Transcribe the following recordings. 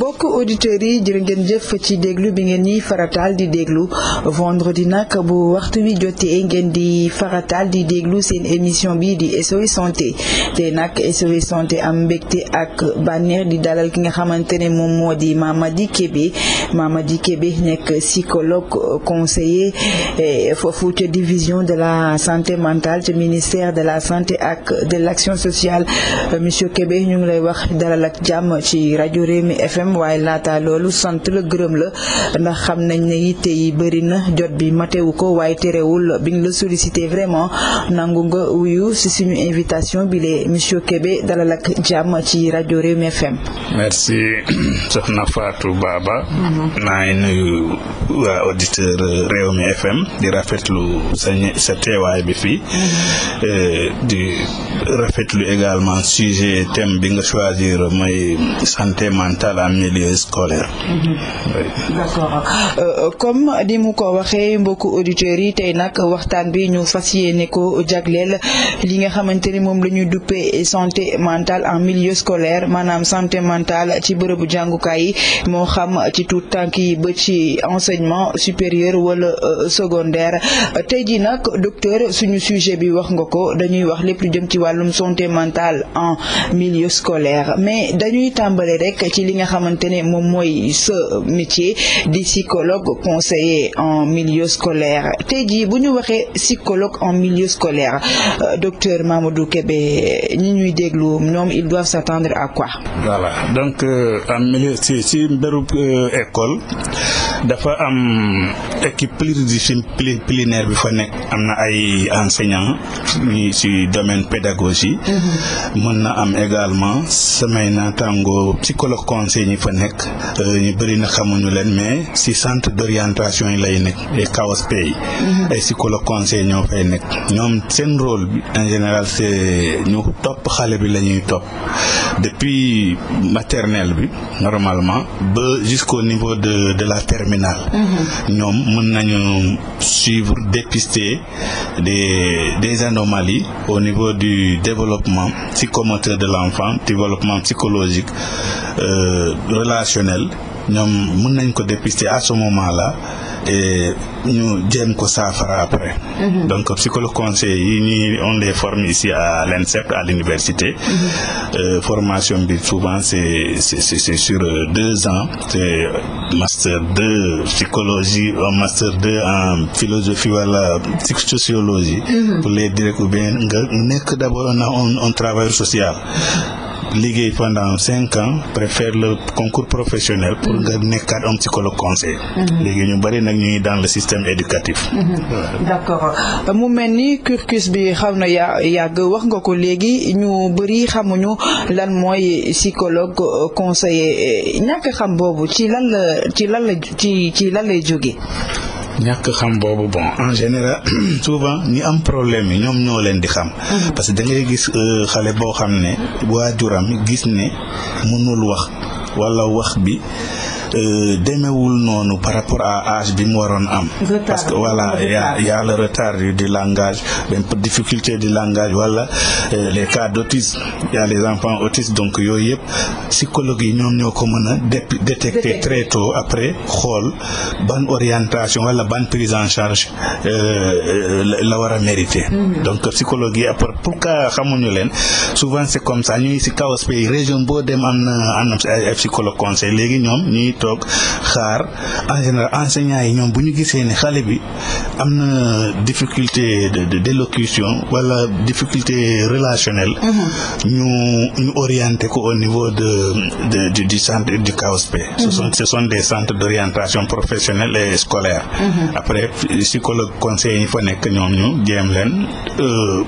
mbokk auditeurs yi jërë ngeen jëf ci déglu bi ngeen ñiy farataal di déglu vendredi nag bu waxtu wi jotee ngeen di farataal di déglu seen émission bi di SOS santé te nag SOS santé am mbégte ak bànneex di dalal ki nga xamante ne moom moo di Mamady Kébé Mamady Kébé nekk psychologue conseiller eh, foofu ca division de la santé mentale ci ministère de la santé ak de l'action sociale euh, monsieur Kébé ñu ngi lay wax dalal ak jàmm ci rajo Rewmi FM itam waaye laata loolu sant la gërëm la ndax xam nañ ne yitte yi bëri na jot bi matewu ko waaye terewul biñ la sollicité vraiment nangu nga wuyu si suñu invitation bi le monsieur Kébé dalal ak jàmm ci rajo Rewmi FM. merci soxna Fatou Baba. naay mhm. nuyu waa auditeur FM di rafetlu sa sa teewaay bi fii. Mhm. Euh, di rafetlu également sujet thème bi nga choisir mooy santé mentale milieu mm-hmm. euh, euh, comme ni mu ko waxee mbokku auditeurs yi tey nag waxtaan bi ñu fas yéene ko jagleel li nga xamante ni moom la ñuy duppee santé mentale en milieu scolaire maanaam santé mentale ci bërëbu jàngukaay moo xam ci tout tànk yi ba ci enseignement supérieur wala euh, secondaire tey ji nag docteur suñu sujet bi wax nga ko dañuy wax lépp jëm ci wàllum santé mentale en milieu scolaire mais dañuy tàmbale rek ci li nga xamante xamante ne moom mooy sa métier di psychologue conseiller en milieu scolaire te jii bu ñu waxee psychologue en milieu scolaire euh, docteur Mamadou Kébé ñi ñuy déglu ñoom ils doivent s'attendre à quoi. voilà donc euh, en si si euh, école dafa am équipe plinaire bi fa nekk am na ay enseignants ñu ci domaine pédagogie mhm. mën na am également samay naataango psychologue conseil ñi fa nekk euh, ñu bëri na xamuñu leen mais ci centre d'orientation yi lay nekk ay CAOSP yi mhm. ay psychologue conseil ñoo fay nekk ñoom seen rôle bi en général c'est ñu topp xale bi la ñuy topp depuis maternelle bi normalement ba jusqu'au niveau de de la terminale mhm. ñoom mën nañu suivre dépister des des anomalies au niveau du développement psychomoteur de l'enfant développement psychologique euh, relationnel ñoom mën nañ ko dépister à ce moment-là et ñu jéem ko saafara après. Mm -hmm. donc psychologue conseil yi ñuy on les forme ici à l'INSEP à l'université. Mm -hmm. formation bi souvent c'est c'est c'est sur euh, deux ans c'est master 2 psychologie un master 2 en philosophie wala voilà, sociologie. Mhm. pour les dire ou bien nga nekk d'abord on a un travail social. liggéey pendant cinq ans préfère le concours professionnel pour nga mm-hmm. nekkaat am psychologue conseil mm-hmm. léegi ñu bari nag ñuy dans le système éducatif mm-hmm. d'accord mu mel ni cursus bi xaw na ya yàgg wax nga ko léegi ñu bari xamuñu lan mooy psychologue euh, conseiller ñàkk xam boobu ci lan la ci lan la ci ci lan lay jóge ñàkk xam boobu bon en général souvent ñi am problème yi ñoom ñoo leen di xam mm-hmm. parce que da ngay gis euh, xale boo xam ne waa waajuram gis ne mënul wax wala wax bi Euh, demewul noonu par rapport a âge bi mu waroon am. parce que voilà y a y a le retard du, du langage difficulté du langage wala voilà, euh, les cas d'autisme y a donc yooyu yëpp psychologue yi ñoom ñoo ko mën a détecter très tôt après xool ban orientation wala ban prise en charge euh, la war a mériter. Mm-hmm. donc psychologue yi après ñoom ñuy toog xaar en général enseignants yi ñoom bu ñu gisee ne xale bi am na difficulté de d'élocution wala difficulté relationnelle. Mhm. ñu ñu orienté ko au niveau de de du du centre du CAOSP. ce mhm. sont ce sont des centre d'orientation professionnelle et scolaire. Mhm. après psychologue conseil ñu fa nekk ñoom ñu jéem leen. Euh,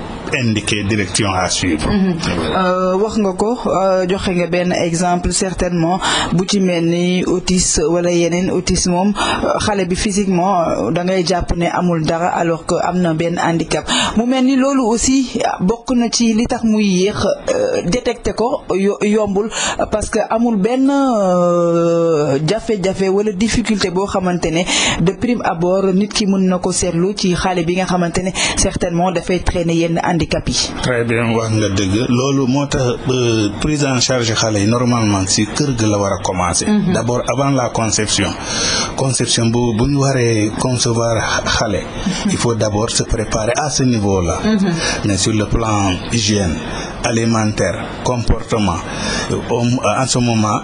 indiquer direction à suivre. Euh, wax nga ko euh, joxe nga benn exemple certainement bu ci mel ni autisme wala yeneen autisme moom xale bi physiquement da ngay jàpp ne amul dara alors que am na benn handicap mu mel ni loolu aussi bokk na ci li tax muy yéex euh, détecté ko yombul parce que amul benn euh, jafe-jafe wala difficulté boo xamante ne de prime abord nit ki mën na ko seetlu ci xale bi nga xamante ne certainement dafay traîner yenn handicap yi. très bien wax nga dëgg loolu moo tax euh, prise en charge xale yi normalement si kër gi la war a commencer. Mhm. d'abord avant la conception conception bu bu ñu waree concevoir xale il faut d'abord se préparer à ce niveau là mm-hmm. mais sur le plan hygiène alimentaire comportement euh, en ce moment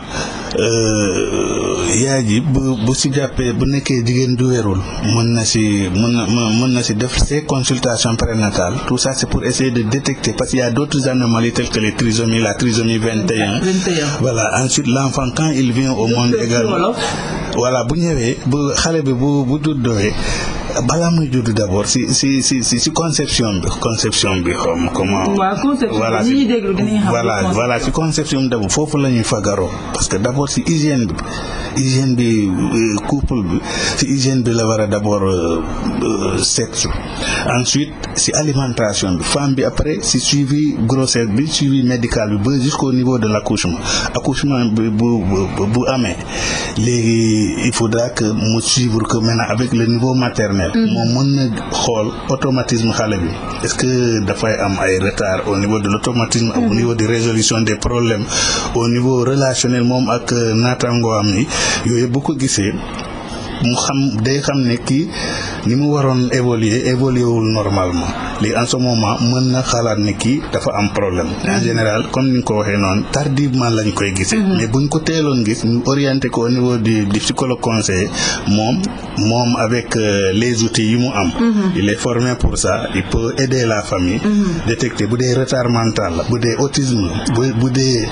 euh, yaay ji bu bu si jàppee bu nekkee jigéen du wérul mën na si mën na mën na si def ses consultations prénatales tout ça c'est pour essayer de détecter parce qu'il y a d'autres anomalies telles que les trisomies la trisomie 21 voilà ensuite l'enfant quand il vient au monde également voilà bu ñëwee bu xale bi bu bu duddooyee balaa muy juddu d'abord si si si si si conception bi conception bi xam comment. waaw voilà voilà si conception bi d'abord foofu la ñuy fagaroo parce que d'abord si hygiène bi hygiène bi euh, couple bi si hygiène bi la war a d'abord euh, euh, sexe ensuite si alimentation bi femme bi après si suivi grossesse bi suivi médical bi ba jusqu'au niveau de l'accouchement accouchement bi bu bu amee léegi il faudra que mu suivre que maintenant avec le niveau maternel maternelle. Mm. moom mën na xool automatisme xale bi est-ce que dafay am ay retard au niveau de l'automatisme. au mm. niveau de résolution des problèmes au niveau relationnel moom ak euh, naataangoo am yi yooyu bu ko gisee. mu xam day xam ne kii ni mu waroon évoluer évoluer wul normalement léegi en ce mën na xalaat ne kii dafa am problème en mm-hmm. général comme ni ko waxee noonu tardivement lañ koy gisee mm-hmm. mais buñ ko teeloon gis ñu ko au niveau di du psychologue conseiller moom moom avec euh, les outils yu mu am mm-hmm. il est formé pour ça il peut aider la famille détecter bu dee retard la bu dee autisme bu bu dee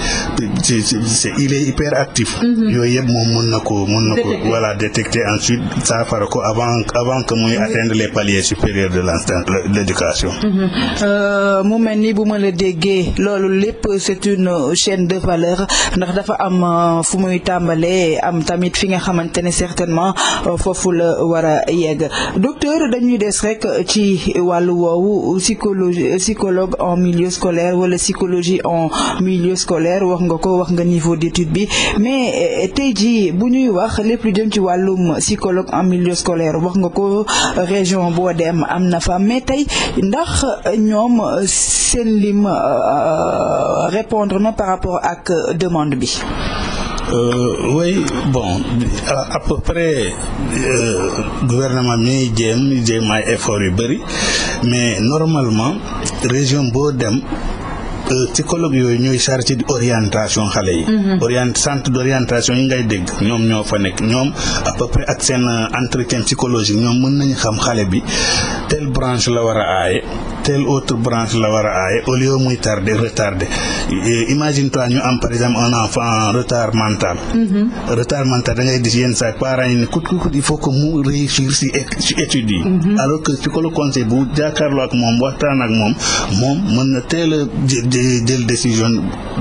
c'est il est hyperactif yooyu yëpp moom mën na ko mun na ko voilà détecter ensuite saafara ko avant avant que muy atteindre les paliers supérieurs de l' éducation. Mhm. Euh, mu mel ni bu ma la déggee loolu lépp c'est une chaîne de valeur ndax dafa am euh, fu muy tàmbalee am tamit fi nga xamante ne certainement euh, foofu la war a yegg docteur dañuy des rek ci wàllu woowu psychologie psychologue en milieu scolaire wala psychologie en milieu scolaire wax nga ko wax nga niveau d'étude bi mais tey jii bu ñuy wax lépp lu jëm ci wàllum psychologue en milieu scolaire wax nga ko région boo dem am na fa mais tey ndax ñoom euh, seen lim euh, euh, répondre na par rapport ak demande bi. Euh, oui bon à, à peu près euh, gouvernement mi jéem jéem ay effort yu bëri mais normalement région boo dem. Euh, psychologue yooyu ñooy chargé di orientation xale yi. Mhm. orient centre d' orientation yi ngay dégg ñoom ñoo fa nekk ñoom à peu près ak seen euh, entretien psychologique ñoom mën nañu xam xale bi telle branche la war a aaye telle autre branche la war a aaye au lieu muy tardé retardé imagine toi ñu am par exemple un enfant en retard mental. Mhm. retard mental da ngay gis yenn saa parents yi ne kut kut il faut que mu réussir si si études mhm. que psychologue conseil bu jàkkaarloo ak moom a di jël décision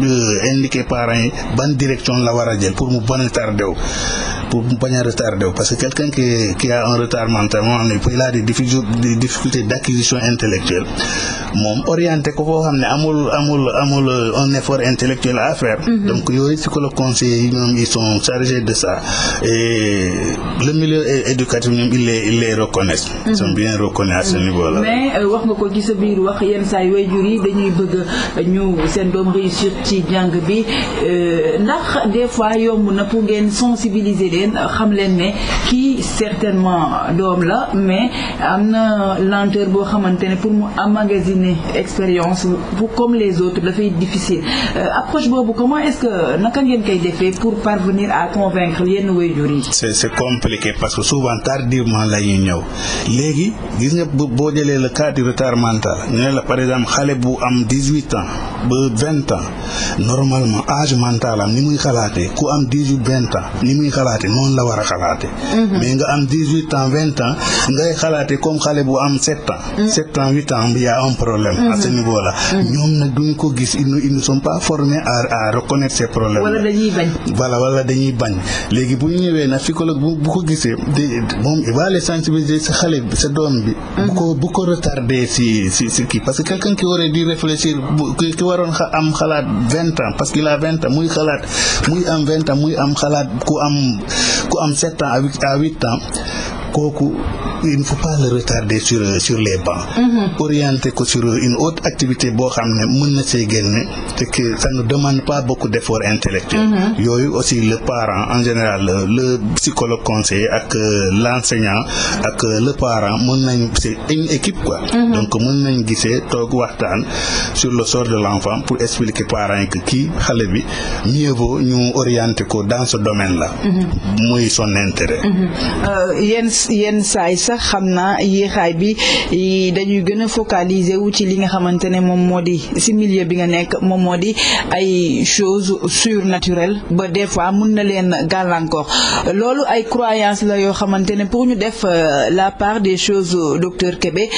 euh, indiqué parents yi ban direction la war a jël pour mu bañ a retardé pour mu a retardé parce que quelqu'un qui qui a un retard mental moom il a des difficultés d'acquisition intellectuelle moom orienté ko koo xam ne amul amul amul euh, un effort intellectuel affaire mhm. donc yooyu psychologue conseillers yi ñoom ils sont chargés de ça le milieu éducatif ñoom ils les ils les reconnaissent. ils mhm. sont bien reconnus à ce niveau là. mais euh, wax nga ko ci sa biir wax yenn saa yi waajur ñu seen doom réussir ci jàng bi euh, ndax des fois yomb na pour ngeen sensibiliser leen xam leen ne kii certainement doom la mais am na lenteur boo xamante ne pour mu emmagasiner expérience pour comme les autres dafay difficile euh, approche boobu comment est-ce que naka ngeen koy defee pour parvenir à convaincre yenn waajur yi. c'est c'est compliqué parce que souvent tardivement la ñuy ñëw léegi gis nga boo jëlee le cas du retard ñu ne la par exemple xale bu am dix-huit ans ba vingt ans normalement âge mental am ni muy xalaatee ku am dix huit ni muy xalaatee noonu la war a xalaatee. Mhm. mais nga am dix huit ans vingt ans ngay xalaatee comme xale bu am sept ans. Mhm. sept ans huit ans y a un problème. à mhm. ce niveau là. ñoom nag duñ ko gis ils ne ils ne sont pas formés à à reconnaître ces problèmes. wala dañuy bañ. voilà wala dañuy bañ léegi bu ñëwee nag psychologue bu ko gisee moom il va les sensibiliser sa xale bi sa doom bi. bu ko bu ko retardé si si si kii parce que quelqu'un qui aurait dû que ki waroon xa am xalaat vingt ans parce qu'il a vingt ans muy xalaat muy am vingt ans muy am xalaat ku am ku am sept ans a huit à kooku il ne faut pas le sur euh, sur les bancs. Mm ko sur euh, une autre activité boo xam ne mën na see génne te que ça ne demande pas beaucoup d'effort intellectuel. Mm-hmm. yooyu aussi le parent en général euh, le psychologue conseiller ak l'enseignant ak le parent mën nañ c'est une équipe quoi. Mm-hmm. donc mën nañ gisee toog waxtaan sur le sort de l'enfant pour expliquer parent yi que kii xale bi mieux ñu orienter ko dans ce domaine la muy son intérêt. yenn saay sax xam naa yéexaay bi dañuy gën a focaliser wu ci li nga xamante ne moom moo di si bi nga nekk moom moo di ay choses surnaturelles ba des fois mën na leen gàllankoor loolu ay croyances la yoo xamante ne pour ñu def euh, la part des choses euh, docteur Kébé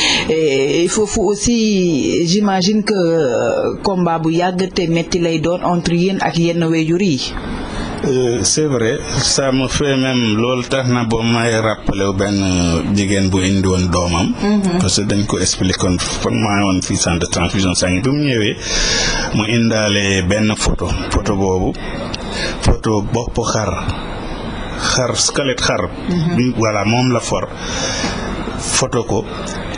foofu aussi j'imagine que euh, combat bu yàgg te metti lay doon entre yéen ak yenn wéyjur yi Euh, c'est vrai saa me fait même loolu tax na ba may rappelé wu benn jigéen bu indi woon doomam. Mhm. parce que dañ ko expliqué woon fan woon fii centre de transfusion sanguine bi mu ñëwee mu indaale benn photo photo boobu photo bopp xar xar squelette xar. Mhm. bi moom la for photo ko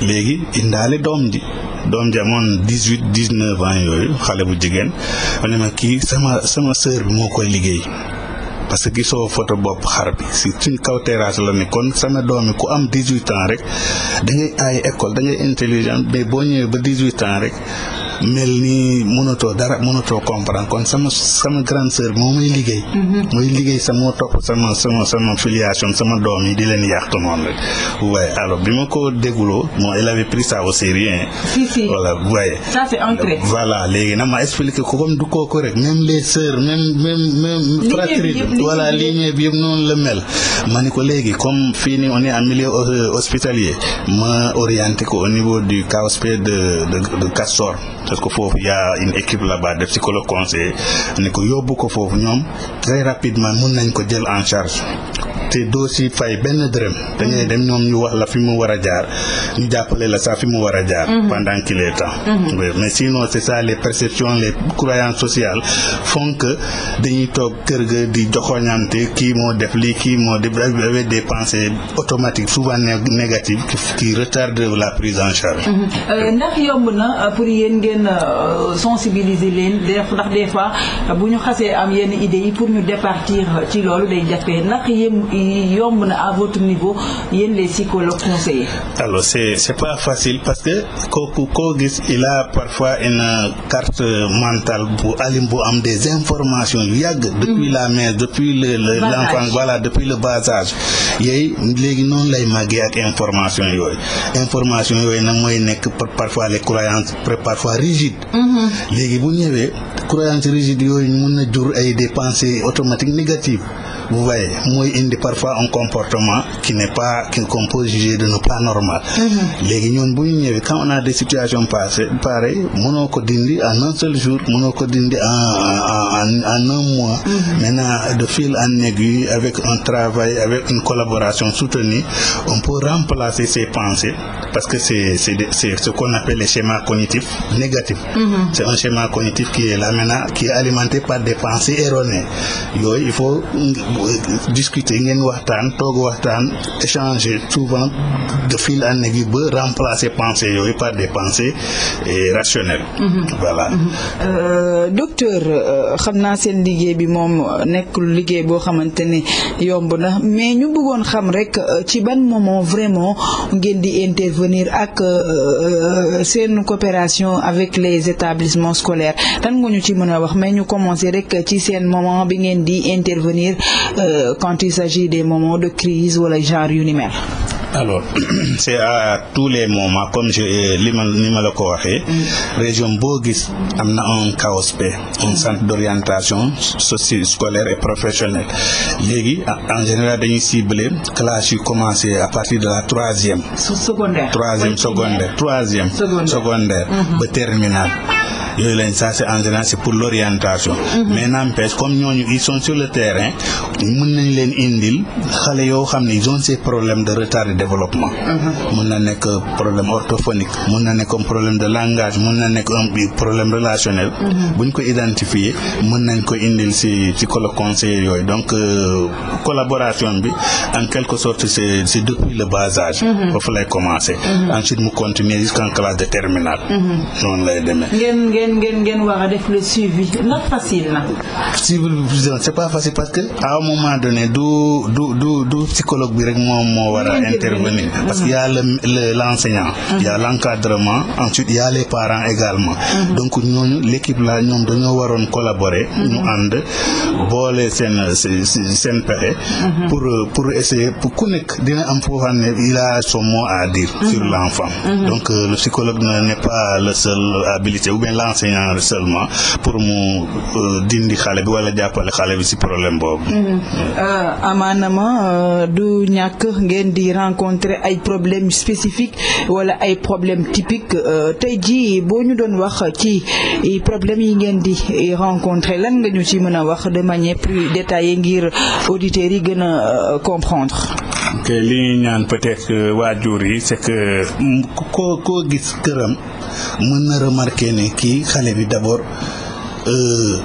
léegi indaale doom ji. doom ji amoon dix huit dix neuf ans yooyu xale bu jigéen ma ne ma kii sama sama sœur bi moo koy liggéey parce que gisoo photo bopp xar bi si suñ kaw terrasse la ne kon sama doomi ku am dix-huit ans rek da ngay ay école da ngay intelligent mais boo ñëwee ba dis huit ans rek mel ni mënatoo dara mënatoo comprendre kon sama sama grande moom moo liggéey. Mhm. mooy liggéey sama topp sama sama sama filiation sama doom yi di leen yàq noonu rek. waaye alors bi ma ko dégloo moo il avait pris ça au sérieux. si waaye. ça c'est ancré. voilà léegi du kooku rek même les sœurs même même voilà lignée bi yëpp noonu la mel ma ni ko léegi comme fii ni on est en milieu euh, hospitalier ma orienté ko au niveau du CAOSP de de de Castor parce que foofu yaa a une équipe là-bas de psychologue conseiller ni ko yóbbu ko foofu ñoom très rapidement mun nañ ko jël en charge te doo si fay benn dërëm dañuy dem ñoom ñu wax la fi mu war a jaar ñu jàppale la sax fi mu war a jaar mhm. pendant qu'il est temps mhm. oui mais sinon c'est ça les perceptions les croyances sociales font dañuy toog kër ga di joxoñante kii moo def lii kii moo def avec des pensées automatiques souvent négatives qui retardent la prise en charge mhm. euh, ndax yomb na euh, pour yéen ngeen euh, sensibiliser leen def ndax des bu ñu xasee am yenn idées yi pour ñu départir ci loolu day jafe ndax yéen yomb na à votre niveau yéen les psychologues conseillers. alors c'est pas facile parce que kooku koo gis il a parfois une carte mentale bu alim bu am des informations yu yàgg. Mm-hmm. depuis la mère depuis le le l'enfant voilà depuis le bas âge léegi noonu lay màggee ak information yooyu information yooyu nag mooy nekk parfois les croyances parfois rigides. Mm-hmm. léegi bu ñëwee croyances rigides yooyu mun na jur ay des pensées automatiques négatives. vous voyez mooy indi parfois un comportement qui n'est pas qu'on peut juger de ne pas normal mm-hmm. léegi ñoon bu ñu ñëwee quand on a des situations passées pareil ko dindi en un seul jour mënoo ko en un mois mm-hmm. maintenant de fil en aiguille avec un travail avec une collaboration soutenue on peut remplacer ces pensées parce que c'est ce qu'on appelle les schémas cognitifs négatifs mm-hmm. c'est un schéma cognitif qui est là maintenant qui est par des pensées erronées yooyu il faut discuter ngeen waxtaan toog waxtaan échanger souvent de fil en aiguille ba remplacer pensées yooyu par des pensées eh, rationnelles. Mm-hmm. voilà. Mm-hmm. Euh, docteur euh, xam naa seen liggéey bi moom nekkul liggéey boo xamante ne yomb na mais ñu bëggoon xam rek euh, ci ban moment vraiment ngeen di intervenir ak seen coopération avec les établissements scolaires tan nga ñu ci mën a wax mais ñu commencer rek ci seen moment bi ngeen di intervenir. Euh, quand il s'agit des moments de crise wala genre yu ni mel. alors c'est à tous les moments comme je euh, li ma ni ma la ko waxee. Mm. région boo gis am na un CAOSP un mm. centre d'orientation socio scolaire et professionnelle léegi en général dañuy cibler classe yu commencé à partir de la troisième. secondaire troisième secondaire troisième secondaire mm-hmm. ba terminale. yooyu lañ ça c'est en général c'est pour l'orientation mm-hmm. mais n'empêche comme ñooñu ils sont sur le terrain mën nañ leen indil xale yoo xam ni ils ont ces problèmes de retard de développement mun mm-hmm. na nekk problème orthophonique mun na nekk problème de langage mën na nekk un relationel bu mm-hmm. buñ ko identifier mën nañ ko indil si ci psychologue conseil yooyu donc euh, collaboration bi en quelque sorte c'est c'est depuis le bas âge foofu lay commencer ensuite mu continuer jusqu'en de terminale ngeen ngeen ngeen a def le suivi ndax facile na. suivre c' est pas facile parce que à un moment donné du du du du psychologue bi rek moom moo war a intervenir. parce que y' a le le l' mm-hmm. donc ñooñu l' la ñoom dañoo waroon collaborer. ñu mm-hmm. ànd seen seen pexe. Mm-hmm. pour pour essayer pour ku ne euh, pas le seul habilité ou bien l' enseignant seulement pour mu euh, dindi xale bi wala jàppale xale bi si problème boobu. Mm-hmm. Euh, amaanama euh, du ñàkk ngeen di rencontrer ay problèmes spécifique wala ay problèmes typiques tey jii boo ñu doon wax ci problèmes yi ngeen di rencontrer lan nga ñu ci mën a wax de manière plus détaillée ngir auditeurs yi gën a comprendre. te li ñaan peut-être euh, waajur yi c'est que mm, koo gis këram mën na remarquer ne kii xale bi d'abord euh,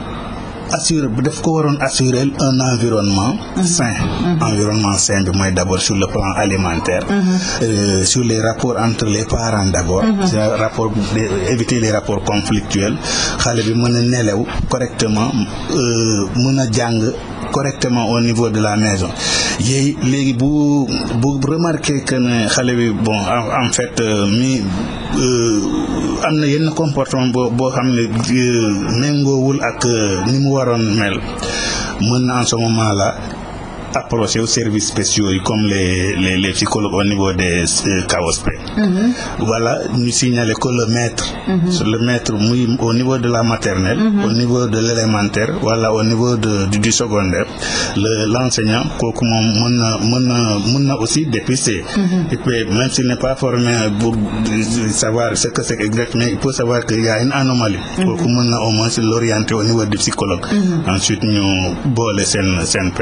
assuré def ko waroon assurer un environnement mm-hmm. sain mm-hmm. environnement sain bi mooy d'abord sur le plan alimentaire mm-hmm. euh, sur les rapports entre les parents d'abord rapport éviter les rapports conflictuels xale bi mën a nelew correctement mën a jàng correctement au niveau de la maison yéey léegi bu bu remarqué que xale bi bon en fait euh, mi euh, am na yenn comportement boo boo xam ne euh, méngoowul ak ni mu waroon mel mën na en ce moment approché aux services spéciaux yi comme les les les psychologues au niveau des CAOSP. Euh, mm-hmm. voilà ñu signalé que le maître. Mm-hmm. le maître au niveau de la maternelle. Mm-hmm. au niveau de l' élémentaire wala au niveau de du secondaire le l' enseignant kooku moom mën na mën na mën aussi dépister. même s' il pas formé pour savoir ce que c' exactement il faut savoir que y a une anomalie. kooku mën na au moins au niveau du psychologue. ensuite ñu boole seen seen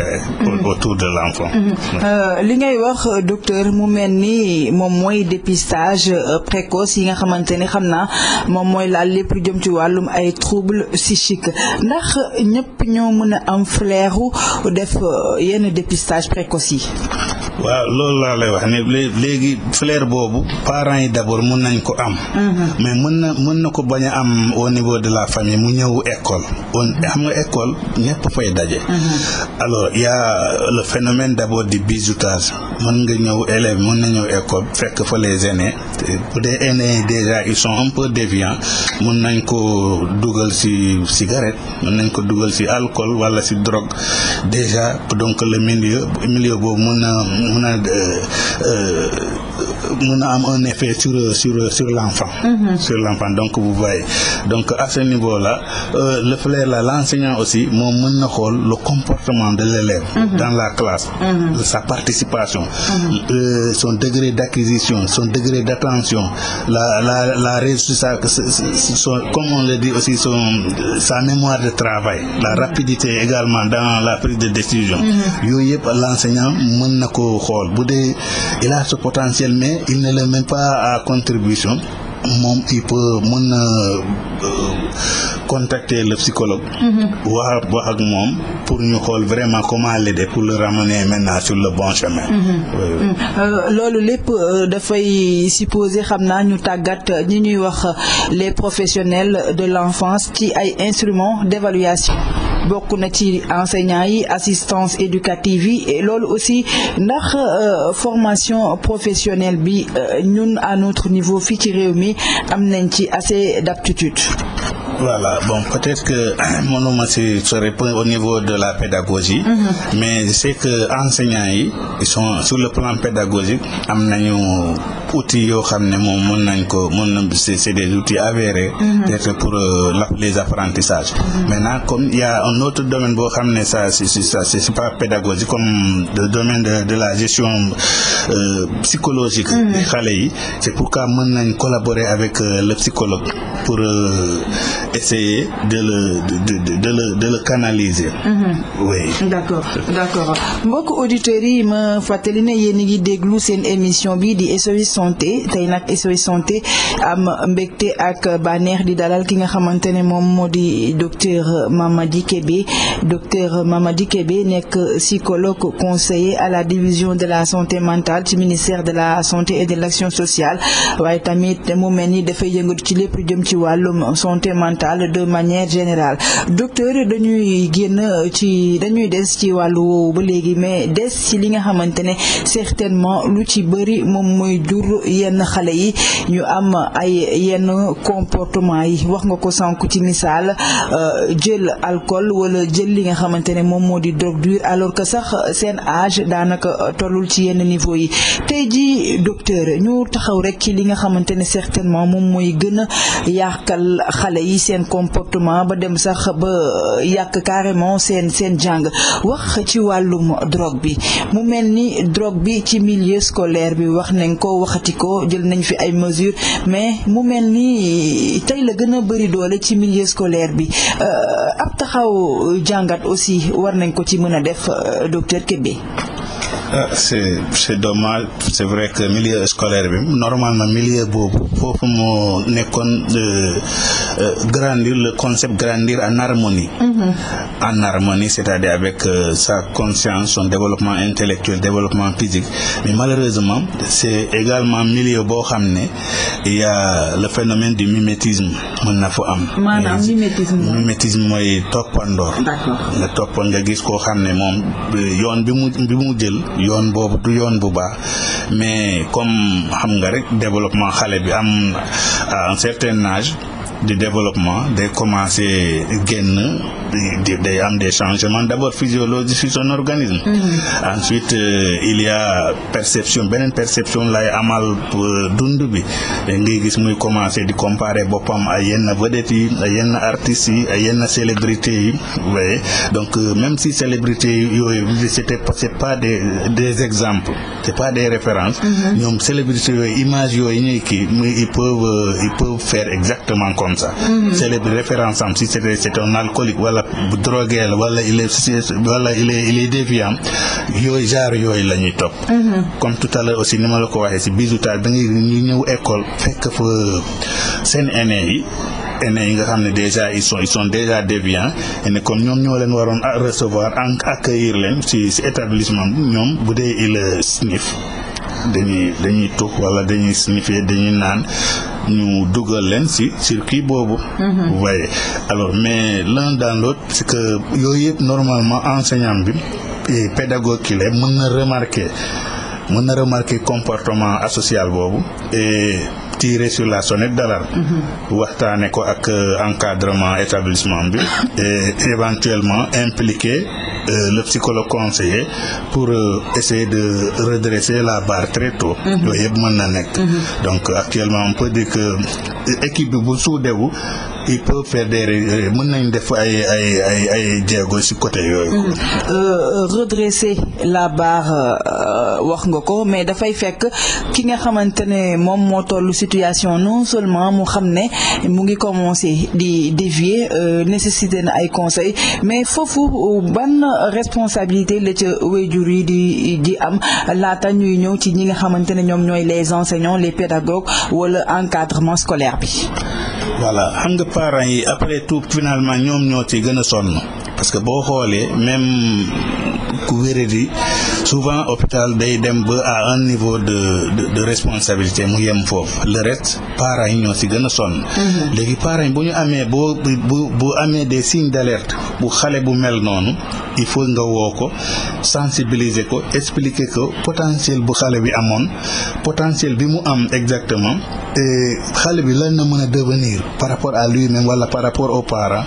autour de mhm. euh, li ngay wax euh, docteur mu mel ni moom mooy dépistage euh, précoce yi nga xamante ni xam naa moom mooy laal lépp lu jëm ci wàllum ay trouble psychique ndax ñëpp ñoo mën a am flairu def yenn dépistage précoce yi waaw loolu laa lay wax ne léegi flair boobu parent yi d'abord mun nañ ko am. Mm-hmm. mais mën na mën na ko bañ a am au niveau de la famille mu ñëw école. am nga école ñëpp fay daje. Mm-hmm. alors y a le phénomène d'abord du bizutage mën nga ñëw élève mën na ñëw école fekk fa les aînés bu dee aînés yi déjà ils sont peu déviants mën nañ ko dugal si cigarette mën nañ ko dugal si alcool wala si drogue déjà donc le milieu milieu boobu mën na من هنا mën a am un effet sur sur sur l'enfant mm -hmm. sur l'enfant donc vous voyez donc à ce niveau euh, là l'enseignant aussi moom mën na xool le comportement de l'élève mhm. dans la classe mm -hmm. sa participation mhm. euh, son degré d'acquisition son degré d'attention la la la sa son comme on le dit aussi sa mémoire de travail la mhm. rapidité également dans la prise de décision yooyu l'enseignant mën na ko xool bu il a ce potentiel il ne le met pas à contribution moom il peut mën na euh, contacter la psychologue. Mm-hmm. wax wax moom pour ñu xool vraiment comment l'aider pour le ramener maintenant sur le bon chemin. Mm-hmm. Mm-hmm. Euh, loolu lépp euh, dafay supposer xam naa ñu tàggat ñi ñuy wax les professionnels de l'enfance ci ay instruments d'évaluation. bokk na ci enseignants yi assistance éducative yi loolu aussi ndax euh, formation professionnelle bi euh, ñun à notre niveau fii ci réew mi am nañ ci assez d'aptitude voilà bon peut-être que mënuma si se répondre au niveau de la pédagogie mm -hmm. mais je sais que enseignants yi son sur le plan pédagogique am nañu outils yoo xam ne moom mën nañ ko mën nañ c'est des outils avérés peut-être mm-hmm. pour euh, les apprentissages mm-hmm. comme il y a un autre domaine boo xam ne sa c'est ça c'est pas pédagogique comme le domaine de de la gestion euh, psychologique mm-hmm. xale yi c'est pourquoi mën nañ collaborer avec euh, le psychologue pour essayer de le canaliser oui d'accord d'accord mbokk auditeurs ne yéen a déglu seen émission bi di SOS santé tey nag SOS santé am mbégte ak bànneex di dalal ki nga xamante ne moom moo di docteur Mamady Kébé docteur Mamady Kébé nekk psychologue conseiller à la division de la santé mentale ci ministère de la santé et de l'action sociale waaye tamit mu mel ni dafay yëngatu ci lépp jëm ci wàllum santé mentale de manière générale docteur dañuy génn ci dañuy des ci wàllu woowu ba léegi mais des ci li nga xamante ne certainement lu ci bëri moom mooy jur jur yenn xale yi ñu am ay yenn comportement yi wax nga ko sànq ci misaal euh, jël alcool wala jël li nga xamante ne moom moo di drogue dure alors que sax seen âge daanaka euh, tollul ci yenn niveau yi tey ji docteur ñu taxaw rek ci li nga xamante ne certainement moom mooy gën a yàqal xale yi seen comportement ba dem sax ba euh, yàq carrément seen seen jàng wax ci wàllum drogue bi mu mel ni drogue bi ci milieu scolaire bi wax nañ ko wax ko jël nañ fi ay mesures mais mu mel ni tey la gën a bëri doole ci milieu scolaire bi euh, ab taxaw jàngat aussi war nañ ko ci mën a def euh, docteur Kébé Ah, c'est c'est dommage c'est vrai que milieu scolaire bi normalement milieu boobu foofu mu nekkoon euh, euh, grandir le concept grandir en harmonie mm-hmm. en harmonie c'est-à-dire avec euh, sa conscience son développement intellectuel développement physique mais malheureusement c'est également milieu boo xam ne il y a le phénomène du mimétisme mën na fa am maanaam mooy toppandoor nga topp nga gis koo xam ne moom yoon bi mu bi mu jël yoon boobu du yoon bu baax mais comme xam nga rek développement xale bi am à un certain âge de développement day commencé génn day am des changements d'abord physiologiques sur son organisme mm-hmm. ensuite euh, il y perception beneen perception lay amal euh, dund bi ngay gis muy commencer di comparer boppam ay yenn vedettes yi ay yenn artistes yi ay yenn célébrités yi donc euh, même si célébrités yooyu c'était c'est pas des des exemples c'est pas des références mm-hmm. ñoom célébrités yooyu image yooyu ñuy kii muy ils peuvent ils peuvent faire exactement comme ça mm-hmm. célébrité référence am si c'était c'est un wala bu drogué la wala il wala il est il est déviant yooyu genre yooyu la ñuy topp. Mhm. comme tout à aussi ni ma la ko waxee si bizuta da ngay ñu ñëw école fekk fa seen aînés yi. eneen yi nga xam ne déjà ils sont ils sont déjà déviants et ne comme ñoom ñoo leen waroon recevoir en accueillir leen si si établissement bi ñoom bu dee il sniff dañuy dañuy tux wala dañuy sniffer dañuy naan. ñu dugal leen si circuit boobu. vous mhm. voyez alors mais l'un dans l'autre c'est que yooyu yëpp normalement enseignant bi et pédagogue ki la mën na remarquer mën na remarquer comportement asocial boobu et tirer sur la sonnette d'alarme mhm. waxtaane ko ak euh, encadrement établissement bi et éventuellement impliquer Euh, le psychologue conseiller pour euh, essayer de redresser la barre très tôt. Mhm. yooyu yëpp mën na nekk. Mhm. donc actuellement on peut dire que euh, équipe bi bu suudewu il peut faire des mën nañ def ay ay ay ay jéego ci côté yooyu. Mhm. redresser la barre wax nga ko mais dafay fekk ki nga xamante ne moom moo tollu situation non seulement moo xam ne mu ngi commencer di dévier nécessité na ay conseils mais foofu ban. ban responsabilité la ca waajur yi di di am laata ñuy ñëw ci ñi nga xamante ne ñoom ñooy les enseignants les pédagogues wala encadrement scolaire bi. voilà xam nga parents yi après tout finalement ñoom ñoo ci gën a sonn parce que boo xoolee même ku wéradi souvent hôpital day dem ba à un niveau de de, responsabilité mu yem foofu le reste parents ñoo si gën a sonn. Mhm. léegi parents yi bu ñu amee boo bu amee des signes d'alerte bu xale bu mel noonu il faut nga woo ko sensibiliser ko expliquer ko potentiel bu xale bi amoon potentiel bi mu am exactement et xale bi lan na mën a devenir par rapport à lui-même wala par rapport aux parents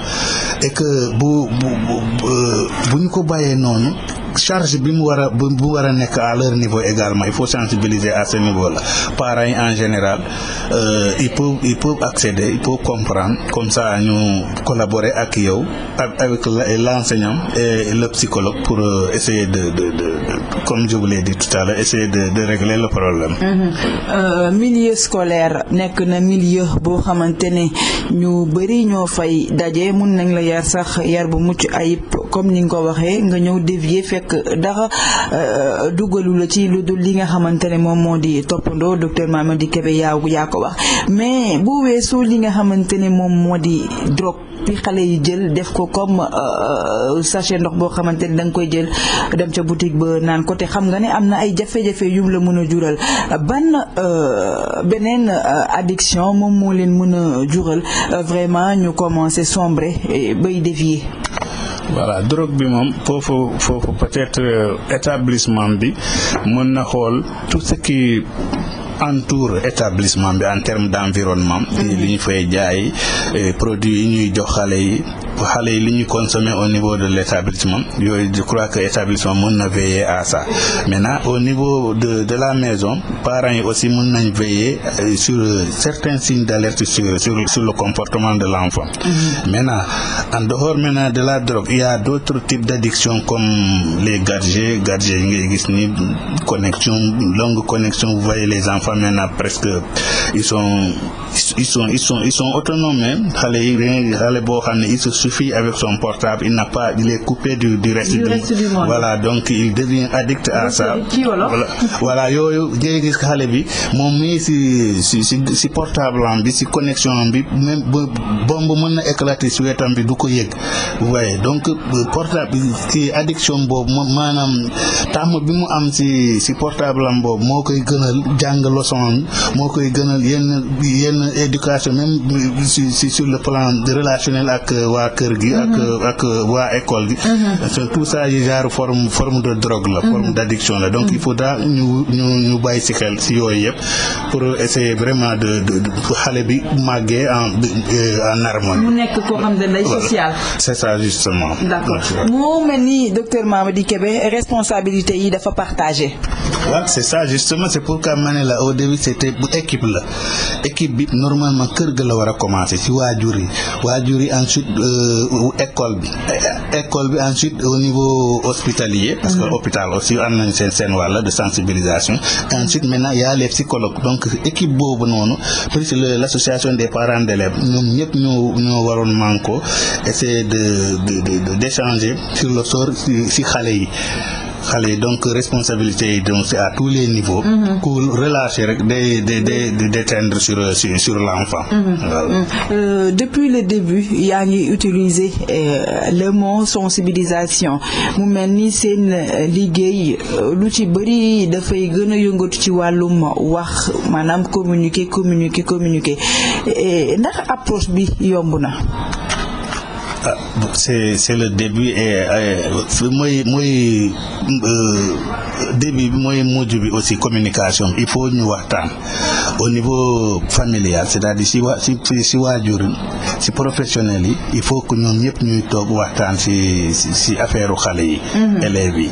et que bu bu bu euh, ñu ko bàyyee noonu charge bi mu war a bu mu war a nekk à leur niveau également il faut sensibiliser à ce niveau là parents yi en général euh, ils accéder ils peuvent comprendre comme ça ñu collaborer ak yow avec l'enseignant et le psychologue pour euh, essayer de de de comme je vous l'ai dit tout à essayer de régler le problème. Mm-hmm. Euh, milieu scolaire nekk na milieu boo xamante ne ñu bari ñoo fay daje mun nañ la yar sax yar bu mucc ayib. comme ni nga ko waxee nga ñëw dévier fekk dara euh, dugalu la ci lu dul li nga xamante ne moom moo di toppandoo docteur Mamady Kébé yaa yaa ko wax mais bu weesoo li nga xamante ne moom moo di drogue bi xale yi jël def ko comme euh, sachet ndox boo xamante ne da nga koy jël dem ca boutique ba naan ko xam nga ne am na ay jafe-jafe yum la mën a jural ban euh, beneen addiction moom moo leen mën a jural vraiment ñu commencé sombrer bay dévier voilà drogue bi moom foofu foofu peut-être euh, établissement bi mën na xool tout ce qui entoure établissement bi en terme d'environnement. Mm-hmm. li ñu fay jaay euh, produits yi ñuy jox xale yi. xale yi li ñu consommé au niveau de l' établissement yooyu je crois que établissement mën na veiller à ça maintenant au niveau de de la maison parent yi aussi mën nañ veiller euh, sur certains signes d' alerte sur sur le comportement de l' enfant mm-hmm. maintenant en dehors maintenant de la drogue il y a d' autres types d' addiction comme les gadgets gadgets yi ngay gis ni connexion longue connexion vous voyez les enfants maintenant presque ils sont ils sont ils xale yi xale boo xam ne suffit avec son portable, il n'a pas, il est coupé du, du reste du, du donc il devient addict à ça. voilà yooyu ngay gis xale bi moom mii si si si si portable am bi si connexion am bi même bomb mën na éclater si wetam bi du ko yëg. waaye donc euh, portable ci addiction maanaam tàmm mu am si si portable am boobu moo koy gënal jàng leçon moo koy gënal yenn éducation même euh, si sur le plan relationnel ak euh, waa. kër gi. ak mhm. euh, euh, waa école gi. Mhm. tout ça genre forme forme de drogue la. Mhm. forme d' addiction la donc il faut daal ñu ñu bàyyi si xel si yooyu yëpp pour essayer vraiment de de xale bi màggee en euh, en harmonie. mu nekk koo xam ne day social. c' est justement. d' moo mel ni docteur Mamady Kébé responsabilité yi dafa partagé. waaw c' est justement c' pourquoi ma ne la au début c' était bu équipe la équipe bi normalement kër ga la war a commencé si waajur yi waajur yi ensuite. école bi école bi ensuite au niveau hospitalier parce que mhm. hôpital aussi am nañ seen seen wàll de sensibilisation ensuite maintenant y a les psychologues donc équipe boobu noonu la l'association des parents d'élèves ñoom ñëpp ñoo ñoo waroon manko essayer de de d'échanger sur le sort si xale yi xale yi donc responsabilité yi donc c'est à tous les niveaux. Mm-hmm. ku relâché rek mm-hmm. sur sur l'enfant. Mm-hmm. Euh, depuis le début yaa ngi utiliser euh, le mot sensibilisation mu mel ni seen euh, liggéey lu ci bëri dafay gën a yëngatu ci wàllum wax maanaam communiquer communiquer communiquer ndax approche bi yomb na. ah c'est c'est le début et mooy euh, mooy début bi mooy mujj bi aussi communication il faut ñu waxtaan au niveau familial c'est-à-dire si si si waajur si professionnels yi il faut que ñoom ñëpp ñuy toog waxtaan si si si affaire xale yi. Mhm. élèves yi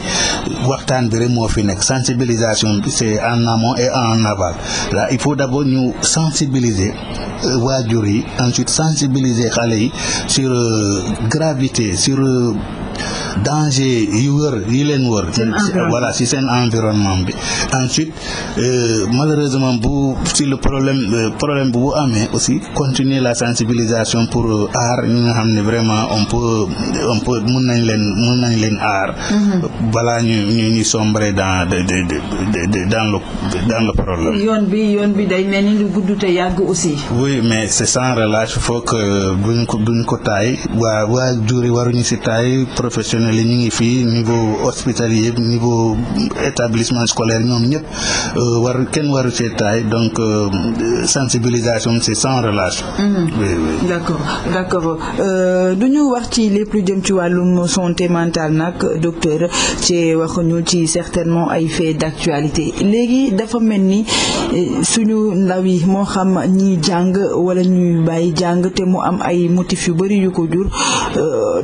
waxtaan bi rek moo fi nekk sensibilisation bi c'est en amont et en aval là il faut d'abord ñu sensibiliser euh, waajur yi ensuite sensibiliser xale yi sur euh, gravité sur. Euh, danger yu wër yi leen wër voilà si seen environnement bi ensuite euh, malheureusement bu si le problème euh, problème bu amee aussi continuer la sensibilisation pour euh, aar ñi xam ne vraiment on peut mun nañ leen mun nañ leen aar mhm. ñu ñu ñu sombrer dans de de dans le dans problème yoon bi yoon bi day mel ni lu gudd yàgg aussi oui mais c'est sans relâche faut que buñ ko taay waa juri waruñu si taay ne li ñu ngi fii niveau hospitalier niveau établissement scolaire ñoom ñëpp euh, war kenn waru cee taay donc euh, sensibilisation c'est sans relâche. Mm-hmm. oui oui euh, du ñu wax ci lépp lu jëm ci wàllu santé mentale nag docteur ci waxuñu ci certainement ay faits d'actualité léegi dafa mel ni suñu ndaw yi moo xam ñiy jàng wala ñuy bàyyi jàng te mu am ay motifs yu bari yu ko jur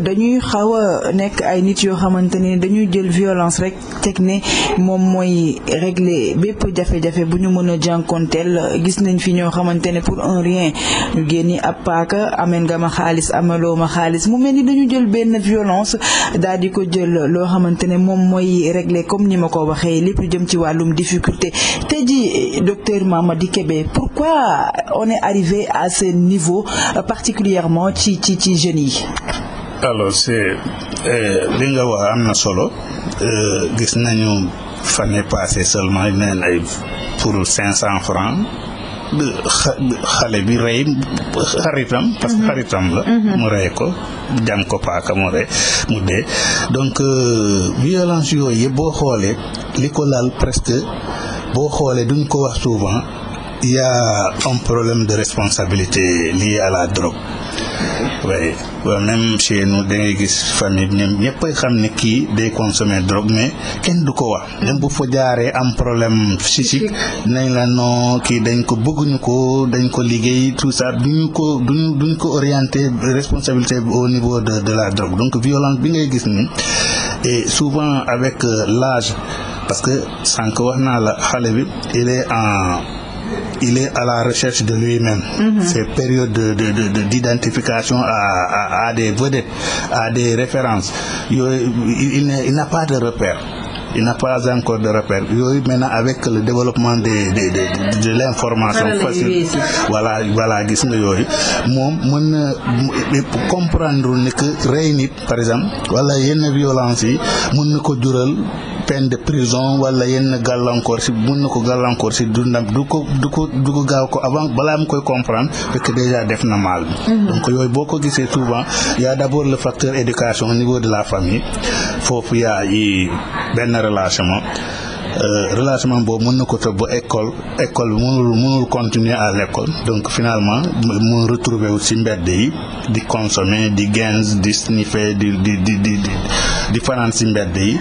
dañuy xaw nekk ay nit yoo xamante ne dañuy jël violence rek teg ne moom mooy régler bépp jafe-jafe bu ñu mën a jànkonteel gis nañ fi ñoo xamante ne pour un rien ñu génni ab paaka ameen nga ma xaalis amaloo ma xaalis mu mel ni dañu jël benn violence daal di ko jël loo xamante ne moom mooy régler comme ni ma ko waxee lépp jëm ci wàllum difficulté te ji docteur Mamady Kébé pourquoi on est arrivé à ce niveau particulièrement ci ci ci jeunes yi Eh, li nga wax am na solo eh, gis nañu fan yi passé seulement yu neen ay pour cinq cent francs xale bi rey xaritam parce que mhm. xaritam la mhm. mu rey ko jam ko paaka mu rey mu dee donc euh, violence yooyu boo xoolee li ko laal presque boo xoolee duñ ko wax souvent il y a problème de responsabilité lié à la drogue waaye waaw même chez nous da ngay gis famille bi ñoom ñëpp a xam ne kii day consommer drogue mais kenn du ko wax même bu fa jaaree am problème psychique nañ la noo kii dañ ko bëgguñu ko dañ ko liggéey tout ça duñu ko duñu duñ ko orienté responsabilité au niveau de de la drogue donc violence bi ngay gis ni e souvent avec euh, l'âge parce que sànq wax naa la xale bi il est en il est à la recherche de lui-même. Mm -hmm. Ces périodes d'identification de, de, de, à, à, à, des vedettes, à des références, il, n'a pas de repère il n'a pas encore de repère. Yooyu maintenant avec le développement des des de de l'information facile voilà voilà gis nga yooyu moom mën na comprendre ne que par exemple wala yenn violence yi mën na ko dural peine de prison wala yenn gàllankoor si mun na ko gàllankoor si dundam du ko du ko du gaaw ko avant balaa mu koy comprendre fekk déjà def na mal bi mhm. donc yooyu boo ko gisee souvent y a d'abord le facteur éducation au niveau de la famille foofu yaa yi benn relation Euh, relâchement boobu mën na ko tëb ba école école bi mënul mënul continuer à l'école donc finalement mu retrouvé wu ci mbedd yi di consommer di gens di sniffer di di di di di fanaan si mbedd yi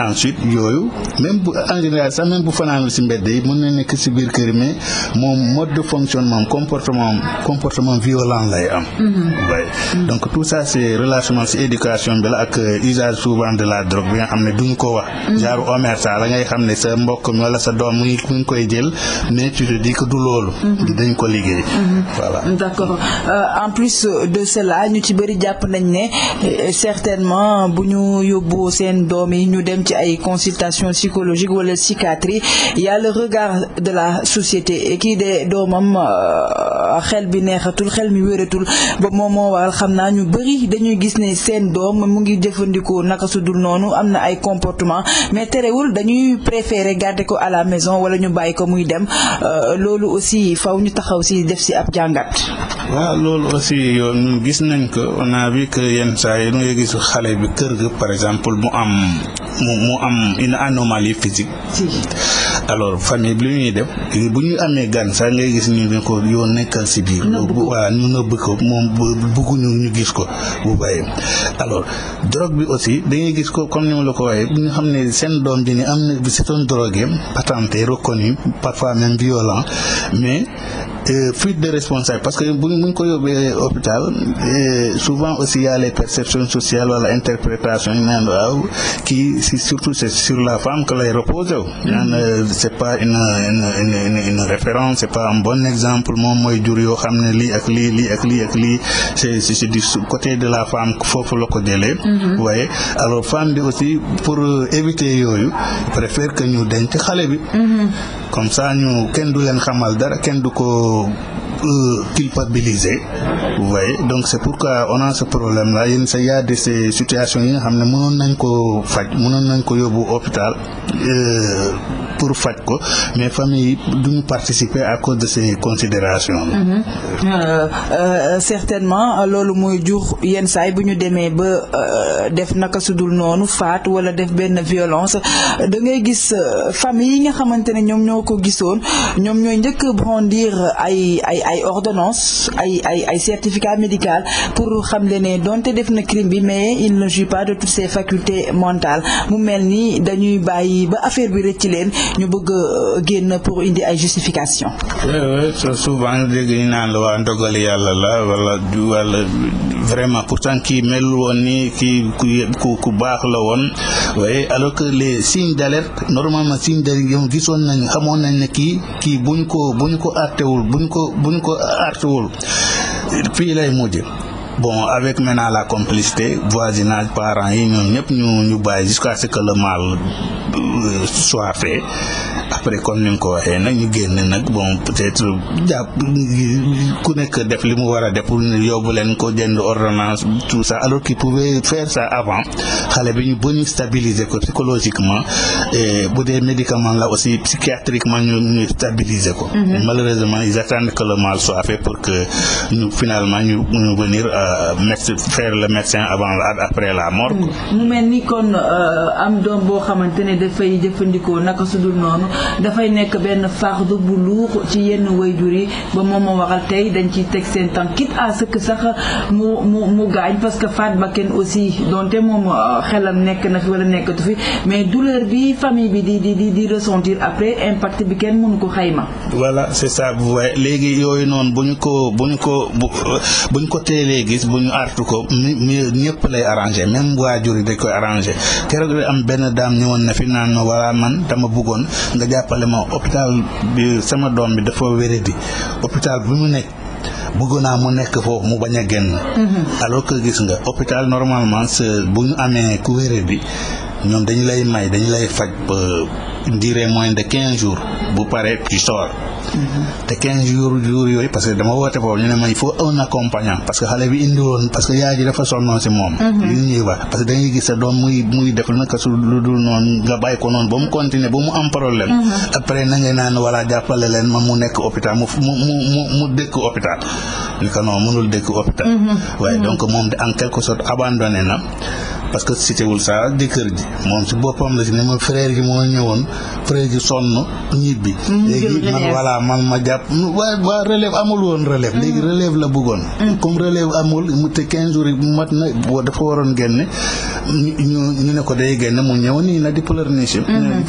ensuite yooyu même bu en général sax même bu fanaanul si mbedd yi mën na nekk si biir kër mais moom mode de fonctionnement comportement comportement violent lay am mm-hmm. Mm-hmm. donc tout ça c'est relâchement ci éducation bi la ak euh, usage souvent de la drogue bi nga xam ne duñu ko wax mm-hmm. genre sa mbokk mi wala sa doom mu ngi koy jël mais tu te dis du loolu. Mhm. dañ ko liggéey. Mhm. voilà d'accord euh, en plus de cela ñu ci bëri jàpp nañ ne euh, certainement bu ñu yóbbu seen doom yi ñu dem ci ay consultation psychologique wala psychiatrie y a le regard de la société kii de doomam euh, xel bi neexatul xel mi wératul ba moom moo waral xam naa ñu bëri dañuy gis ne seen doom mu ngi jëfandikoo naka su noonu am na ay comportement mais terewul dañuy préférer préféré garder ko à la maison wala ñu bàyyi ko muy dem euh, loolu aussi faw ñu taxaw si def si ab jàngat. waaw loolu aussi yow ñun gis nañ ko on a vu que yenn saa yi nga gis xale bi kër ga par exemple mu am mu am une anomalie physique. alors famille bi lu ñuy def bu ñuy amee gan sax ngay gis ñu ne ko yow nekkal si biir waaw ñu nëbb ko moom bëgguñu ñu gis ko bu bàyyee alors drogue bi aussi dañuy gis ko comme ni ma la ko waxee bu ñu xam ne seen doom ji ni am na c'est un drogue patenté reconnu parfois même violent mais fuite de responsable parce que bu ñu ko yóbbee hôpital eh, souvent aussi y a les perceptions sociales wala interprétation ñu naan waaw kii si surtout sur la femme que lay reposer wu naan euh, pas un bon exemple moom mooy jur yoo xam ne lii ak lii lii ak lii ak lii c'est c'est du de la femme foofu la ko jëlee waaye mm-hmm. alors bi aussi pour euh, éviter yooyu préfère que ñu denc xale bi mm-hmm. comme ça ñu kenn du leen xamal dara kenn du ko ko euh, culpabilisé vous donc c'est pourquoi on a ce problème là yenn sa y a de ces yi nga xam ne mënoon nañ koo faj mënoon nañ ko yóbbu hôpital euh, pour faj ko mais famille duñu participer à cause de ces considérations mm mm-hmm. euh, euh, certainement loolu mooy jur yenn saay bu ñu demee ba euh, def naka sudul noonu faat wala def benn violence da ngay gis famille yi nga xamante ne ñoom ñoo ko gisoon ñoom ñooy njëkk brandir ay ay ay ordonnance ay ay ay certificat médical pour xam le ne donte def na crime bi mais il ne jouit pas de toutes ses facultés mentales mu mel ni dañuy bàyyi ba affaire bi rëcc leen ñu bëgg a euh, génn pour indi ay justification souvent dégg ñu naan la waa ndogal yàlla la wala du wala vraiment pourtant kii melul woon ni kii ku ku baax la woon waaye alors que le signes d'alerte normalement signes d'alerte yoon gisoon nañ xamoon nañ ne kii kii buñ ko buñ ko artewul buñ ko buñ ko artewul fii lay mujj bon avec maintenant la complicité voisinage parents yi ñoom ñëpp ñu ñu bàyyi jusqu'à ce que le mal euh, soit fait après comme ni nga ko waxee nag ñu génn nag bon peut-être jàpp ku nekk def li mu war a def pour yóbbu leen ko jënd ordonnance tout ça alors qu'il pouvait faire ça avant xale bi ñu ba ñu stabiliser ko psychologiquement bu dee médicament la aussi psychiatriquement ñu ñu stabiliser ko. Mhm. malheureusement ils attendent que le mal soit pour que ñu finalement ñu ñu venir euh, mettre faire le médecin avant la après la mort. mu mel ni kon euh, am doom boo xamante dafay jëfandikoo dafay nekk benn fardeau bu luux ci yenn wayjur yi ba moom moo waral tey dañ ciy teg seen tànk à ce que sax mu mu mu gaañ parce que ba kenn aussi donte moom euh, xelam nekk na fi wala nekkatu fi mais douleur bi famille bi di di di di après impact bi kenn mënu ko xayma. voilà c'est ça léegi yooyu noonu bu ñu ko bu ñu ko bu ñu ko teelee gis bu ñu artu ko ñëpp lay arrangé même waajur yi dañ koy arrangé keroog am benn daam ñëwoon na fi naan wala man dama buggoon nga jàppale ma hôpital bi sama doom bi dafa wéradi hôpital bi mu nekk bëgg naa mu nekk foofu mu bañ a génn. Mhm. alors que gis nga hôpital normalement c'est bu ñu amee ku wéradi ñoom dañu lay may dañu lay faj ba durée moins de quinze jours bu paree tu sors. te 15 jours jours yooyu parce que dama woote foofu ñu ne ma il faut un accompagnant parce que xale bi indiwoon parce que yaay a dafa sonnoon si moom. yu ñuy wax parce que dañuy gis sa doom muy muy def naka su lu dul noonu nga bàyyi ko noonu ba mu continuer ba mu am problème. Mhm. après na nga naan wala jàppale leen ma mu nekk hôpital mu mu mu mu dëkk hôpital. ni ko non mënul dëkk hôpital. waaye mhm. mhm. donc moom de en quelque sorte abandonné na. parce que citéwul saa jëkkër ji moom ci boppam la ci ne ma frère gi moo ñëwoon frère gi sonn ñibbi léegi man voilà man ma jàpp waa waa mm. la bëggoon mm. comme relève amul mu te quinze jours yi mat na dafa waroon génne ñu ñu na di waaye mm-hmm. ah,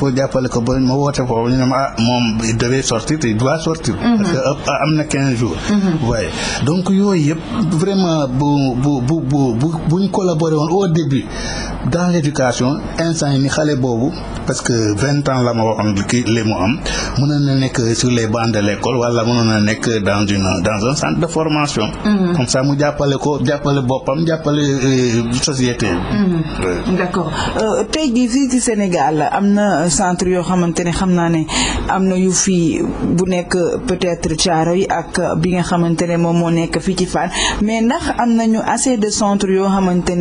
mm-hmm. ah, ah, mm-hmm. yooyu yëpp vraiment bu bu buñ collaboré woon au début dans l'éducation instant yi ni xale boobu parce que vingt ans la ma waxoon kii li mu am mënoon na nekk sur les bancs de l'école wala mënoon na nekk dans une dans un centre de formation mm-hmm. comme ça mu jàppale ko jàppale boppam jàppale euh, société mm-hmm. euh, tey jii fii ci Sénégal am na centre yoo xamante ne xam naa ne am na yu fii bu nekk peut-être caaro yi ak bi nga xamante ne moom moo nekk fii ci Fann mais ndax am nañu assez de centre yoo xamante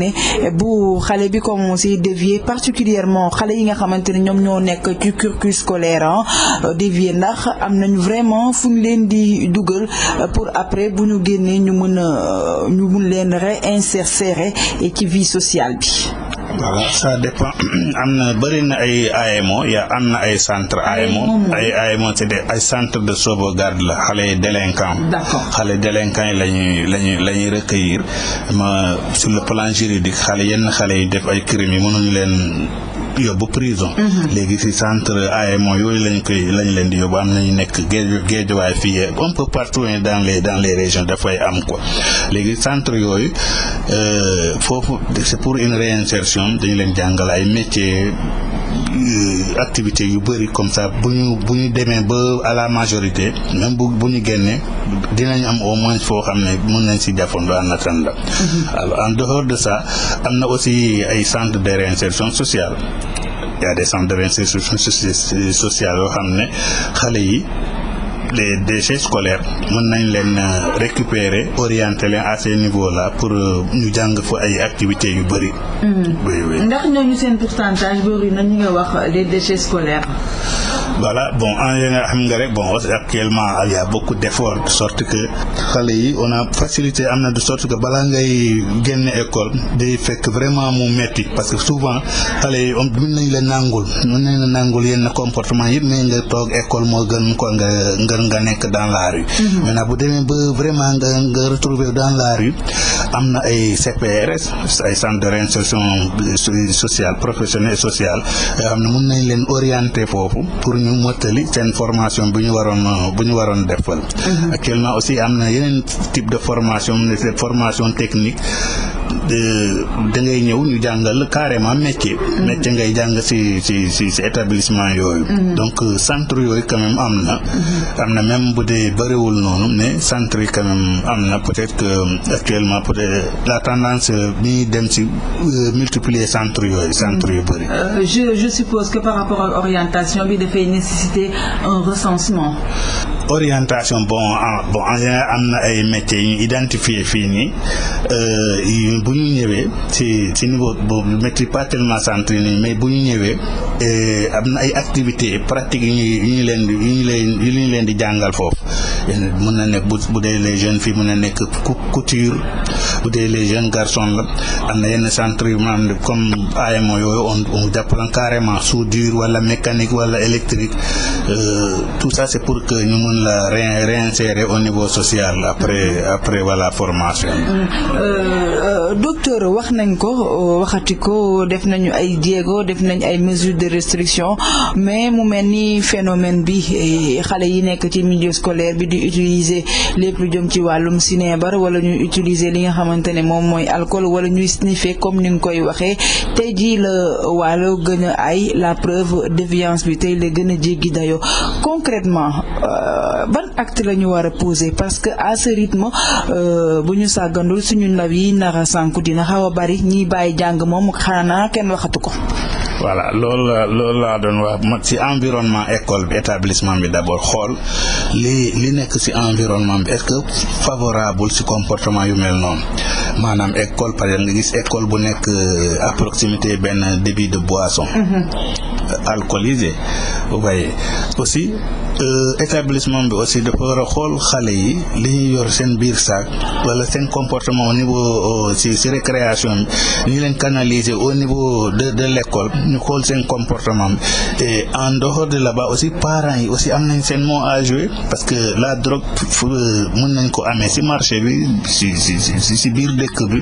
bu xale bi commencé dévier particulièrement xale yi nga xamante ne ñoom ñoo nekk ci cursus scolaire euh, dévier ndax am nañu vraiment fu ñu leen di dugal euh, pour après bu ñu génnee ñu mën a euh, ñu mën leen réinsérer ci vie sociale bi voilà ça dépend am na bëri na ay AMO ya am na ay centre AMO ay AMO c'est des ay centre de sauvegarde la xale yi délinquant xale délinquant yi lañuy lañuy la ñuy recueillir ma sur le plan juridique xale yenn xale yi def ay crimes yi mënuñu leen yóbbu prison. Mhm. léegi si centre AMO yooyu lañ koy lañ leen di yóbbu am na ñu nekk géej géej waaye fii un peu partout dans les dans les régions dafay am ko léegi centre yooyu euh, foofu c'est pour une réinsertion dañu leen jàngal ay métiers. activité yu bëri comme ça bu ñu bu ñu demee ba à la majorité même bu bu ñu génnee dinañ am au moins foo xam ne mun nañ si jàppandoo en attendant mm-hmm. en dehors de ça am na aussi ay centre de réinsertion sociale y a des centres de réinsertion sociale yoo xam ne xale yi les déchets scolaires mën nañ leen euh, récupérer orienter leen à ces niveaux pour euh, ñu jàng fa ay activités yu bëri. Hmm. oui oui ndax ñooñu seen pourcentage bëri na ñu nga wax les déchets scolaires. voilà bon en am xam nga rek bon actuellement il y a beaucoup d'efforts de sorte que xale yi on a facilité am na du sorte que balaa ngay génn école di fekk vraiment mu metti parce que souvent xale yi om mën nañ la nangul mën nañ la nangul yenn comportement yëpp mais nga toog école moo gën ko nga ngër nga nekk dans la rue mhm. maintenant bu demee ba vraiment nga nga retrouver dans la rue am na ay CPRS ay centre de réinsertion euh, sociale professionnelle et sociale yoo xam ne mën nañ leen orienter foofu ñu mottali seen formation bu ñu waroon bu ñu waroon defal. Mhm. actuellement aussi am na yeneen type de formation c'est formation technique. da ngay ñëw ñu jàngal carrément métier. Mhm. métier ngay jàng si si si ci établissement yooyu. Mhm. donc euh, centre yooyu quand même am na. am na même bu dee bëriwul noonu mais centre yi quand am na peut-être que euh, actuellement peut-être la tendance euh, bi dem si multiplier centre yooyu centre yu bëri. je suppose que par rapport à orientation bi dafay nécessiter un recensement orientation bon en bon en général am na ay métiers yu fii nii euh, bu ñu ñëwee si ci niveau boobu métier pas tellement centré nii mais bu ñu ñëwee euh, am na ay activités pratiques yu ñuy yu ñu leen di yu ñu leen di jàngal foofu mën na nekk bu bu dee les jeunes fii mën na nekk couture bu dee les jeunes garçons la am na yenn centre yu maanaam comme AMO yooyu on on jàppalan carrément soudure wala mécanique wala électrique euh, tout ça c'est pour que ñu mën leen réin réinsérer au niveau social après après voilà formation euh, euh, docteur wax nañ ko waxati ko def nañu ay jéego def nañ ay mesures de restriction mais mu mel ni phénomène bi eh, xale yi nekk ci milieu scolaire bi di utiliser lépp lu jëm ci wàllum sinébar wala ñuy utiliser li nga xamante ne moom mooy alcool wala ñuy sniffer comme ni nga koy waxee tey jii la wàllu gën a ay la preuve déviance bi tey la gën a jéggi dayoo concrètement euh, Euh, ban acte la ñu war a poser parce que à ce rythme euh, bu ñu sàggandul suñu ndaw yi nara sànku dina xaw a bari ñiy bàyyi jàng moom xanaa kenn waxatu ko. voilà loolu la loolu laa doon wax ma ci environnement école bi établissement bi d'abord xool li li nekk ci environnement bi est-ce que favorable ci comportement yu mel noonu. maanaam école par exemple nga gis école bu nekk euh, à proximité benn débit de boisson mhm. euh, alcoolisé vous voyez aussi euh, bi aussi dafa xool xale yi li ñu yor seen biir saak wala seen comportement au niveau si si récréation bi ñu au niveau de de l'école ñu xool seen comportement bi et en dehors de là-bas aussi parents yi aussi am nañ seen mot à parce que la drogue mën nañ ko amee si marché bi si si si si biir dëkk bi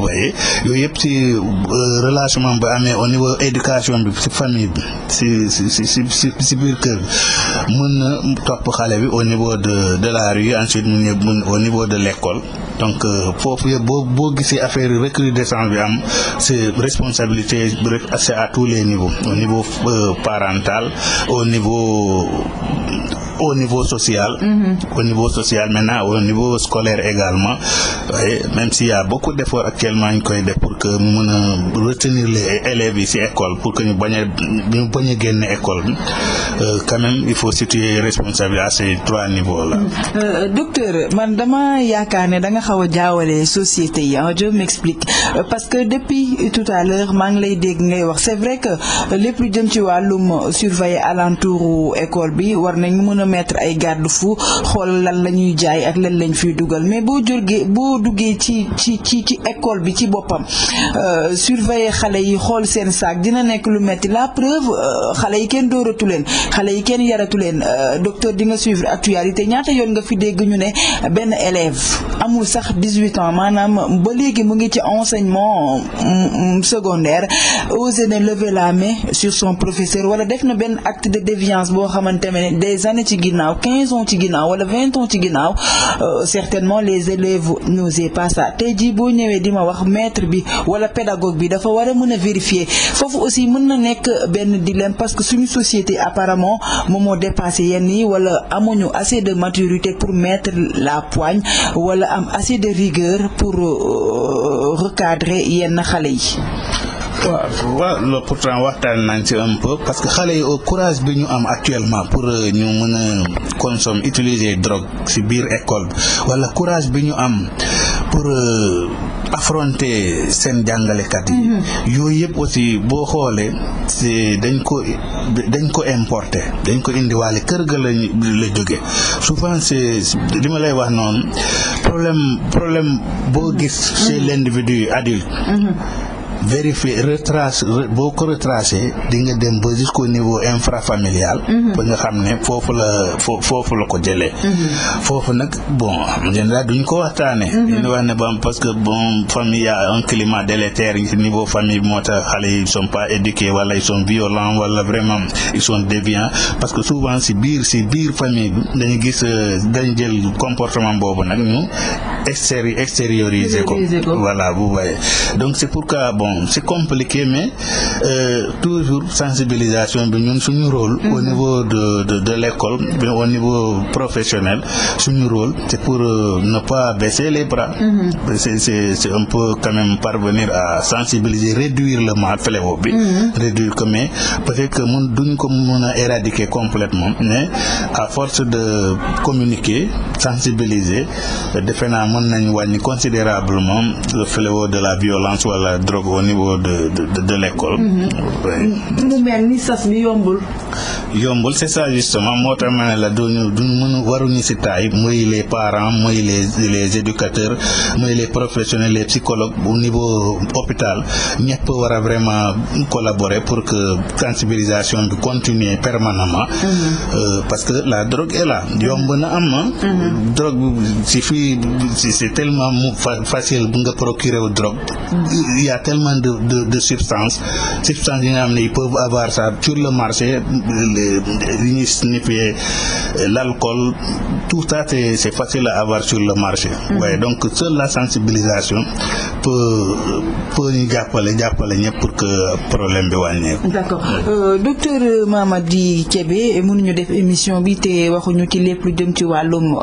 waaye yooyu yëpp ci euh, relâchement bu amee au niveau éducation bi si famille bi si si si ci ci biir kër mën na topp xale bi au niveau de de la rue ensuite mu ne au niveau de l'école donc euh, foofu yëpp boo boo gisee affaire recrudescence bi am c'est responsabilité c'est à tous les niveaux au niveau euh, parental au niveau au niveau social. Mm-hmm. au niveau social maintenant au niveau scolaire également waaye même s'il y a beaucoup d'efforts actuellement ñu koy def pour que mu mën a retenir les élèves yi ci école pour que ñu bañ a a génne école bi euh, quand même il faut situer responsabilité à ces trois mm-hmm. euh, euh, man dama yaakaar ne da nga xaw a jaawale société yi je m'explique parce que depuis tout à l'heure maa ngi lay dégg ngay wax c'est vrai que lépp lu jëm ci wàllum surveiller alentour école bi war nañu mën a mettre ay garde-fou xool lan la ñuy jaay ak lan lañ fiy dugal mais boo jógee boo duggee ci ci ci ci école bi ci boppam euh, surveiller xale yi xool seen saak dina nekk lu metti la preuve euh, xale yi kenn dooratu leen xale yi kenn yaratu leen euh, docteur di nga suivre actualité ñaata yoon nga fi dégg ñu ne benn élève amul sax dix-huit ans maanaam ba léegi mu ngi ci enseignement mm, mm, secondaire osé na lever la sur son professeur wala def na benn acte de déviance ginnaaw 15 ans ci ginnaaw wala 20 ans ci ginnaaw euh, certainement les élèves n'osaient pas ça tey jii boo ñëwee dima wax maître bi wala pédagogue bi dafa war a mën a vérifier foofu aussi mën na nekk benn dilemme parce que suñu société apparemment moomoo moo dépassé yenn yi wala amuñu assez de maturité pour mettre la poigne wala am assez de rigueur pour euh, recadrer yenn xale yi. waaw waaw loolu pourtant waxtaan nañ si un peu parce que xale yi au courage bi ñu am actuellement pour euh, ñu mën a consommer utiliser drogue si biir école wala courage bi ñu am pour euh, affronter seen jàngalekat yi. Mm-hmm. yooyu yëpp aussi boo xoolee si dañ ko dañ ko importer dañ ko indiwaale kër ga lañ la jóge souvent c'est li ma lay wax noonu problème problème boo gis chez mm-hmm. l'individu adulte. Mm-hmm. vérifier retrace boo ko retracé di nga dem ba jusqu'au niveau familial mhm. ba nga xam ne foofu la foofu la ko jëlee mhm. foofu nag bon en général duñ ko waxtaanee mhm. dañu wax ne ba parce que bon famille y a un climat délétère niveau famille moo tax xale yi sont pas éduqués wala ils sont violents wala vraiment ils sont déviants parce que souvent si biir si biir famille bi dañu gis euh, dañ jël comportement boobu nag ñu extéri extérioriser ko voilà vous voyez donc c'est pourquoi bon bon c'est compliqué mais euh, toujours sensibilisation bi ñun suñu rôle. Mm-hmm. au niveau de de de l'école mais au niveau professionnel suñu rôle c'est pour euh, ne pas baisser les bras. Mm-hmm. c'est c'est c'est un peu quand même parvenir à sensibiliser réduire le mal fléau bi. Mm-hmm. réduire ko mais peut que mun duñ ko mun a éradiquer complètement mais à force de communiquer sensibiliser defe naa nañu wàññi considérablement le fléau de la violence wala drogue au niveau de de de, de l'école. Mm-hmm. mu mel ni sas bi yombul. yombul c'est ça justement moo tax ma ne la duñu duñu mën waruñu si taay muy les parent mooy les les éducateurs muy les professionnels les psychologues au niveau hôpital ñëpp war a vraiment collaborer pour que sensibilisation bi continuer permanemment. Mm-hmm. Euh, parce que la drogue est là yomb na am na. Ah. Mm-hmm. drogue si fii c'est tellement facile nga procurer wu drogue. il y a énormément de de de substances substances yi nga xam ne ils peuvent avoir sur le marché li ñuy sniffer l'alcool tout ça c'est c'est facile avoir sur le marché. waaye mm -hmm. donc seule la sensibilisation peut peut ñu jàppale jàppale ñëpp pour que problème bi wàññeeku. d'accord euh, docteur Mamady Kébé mënuñu def émission bi te waxuñu ci lépp lu jëm ci wàllum euh,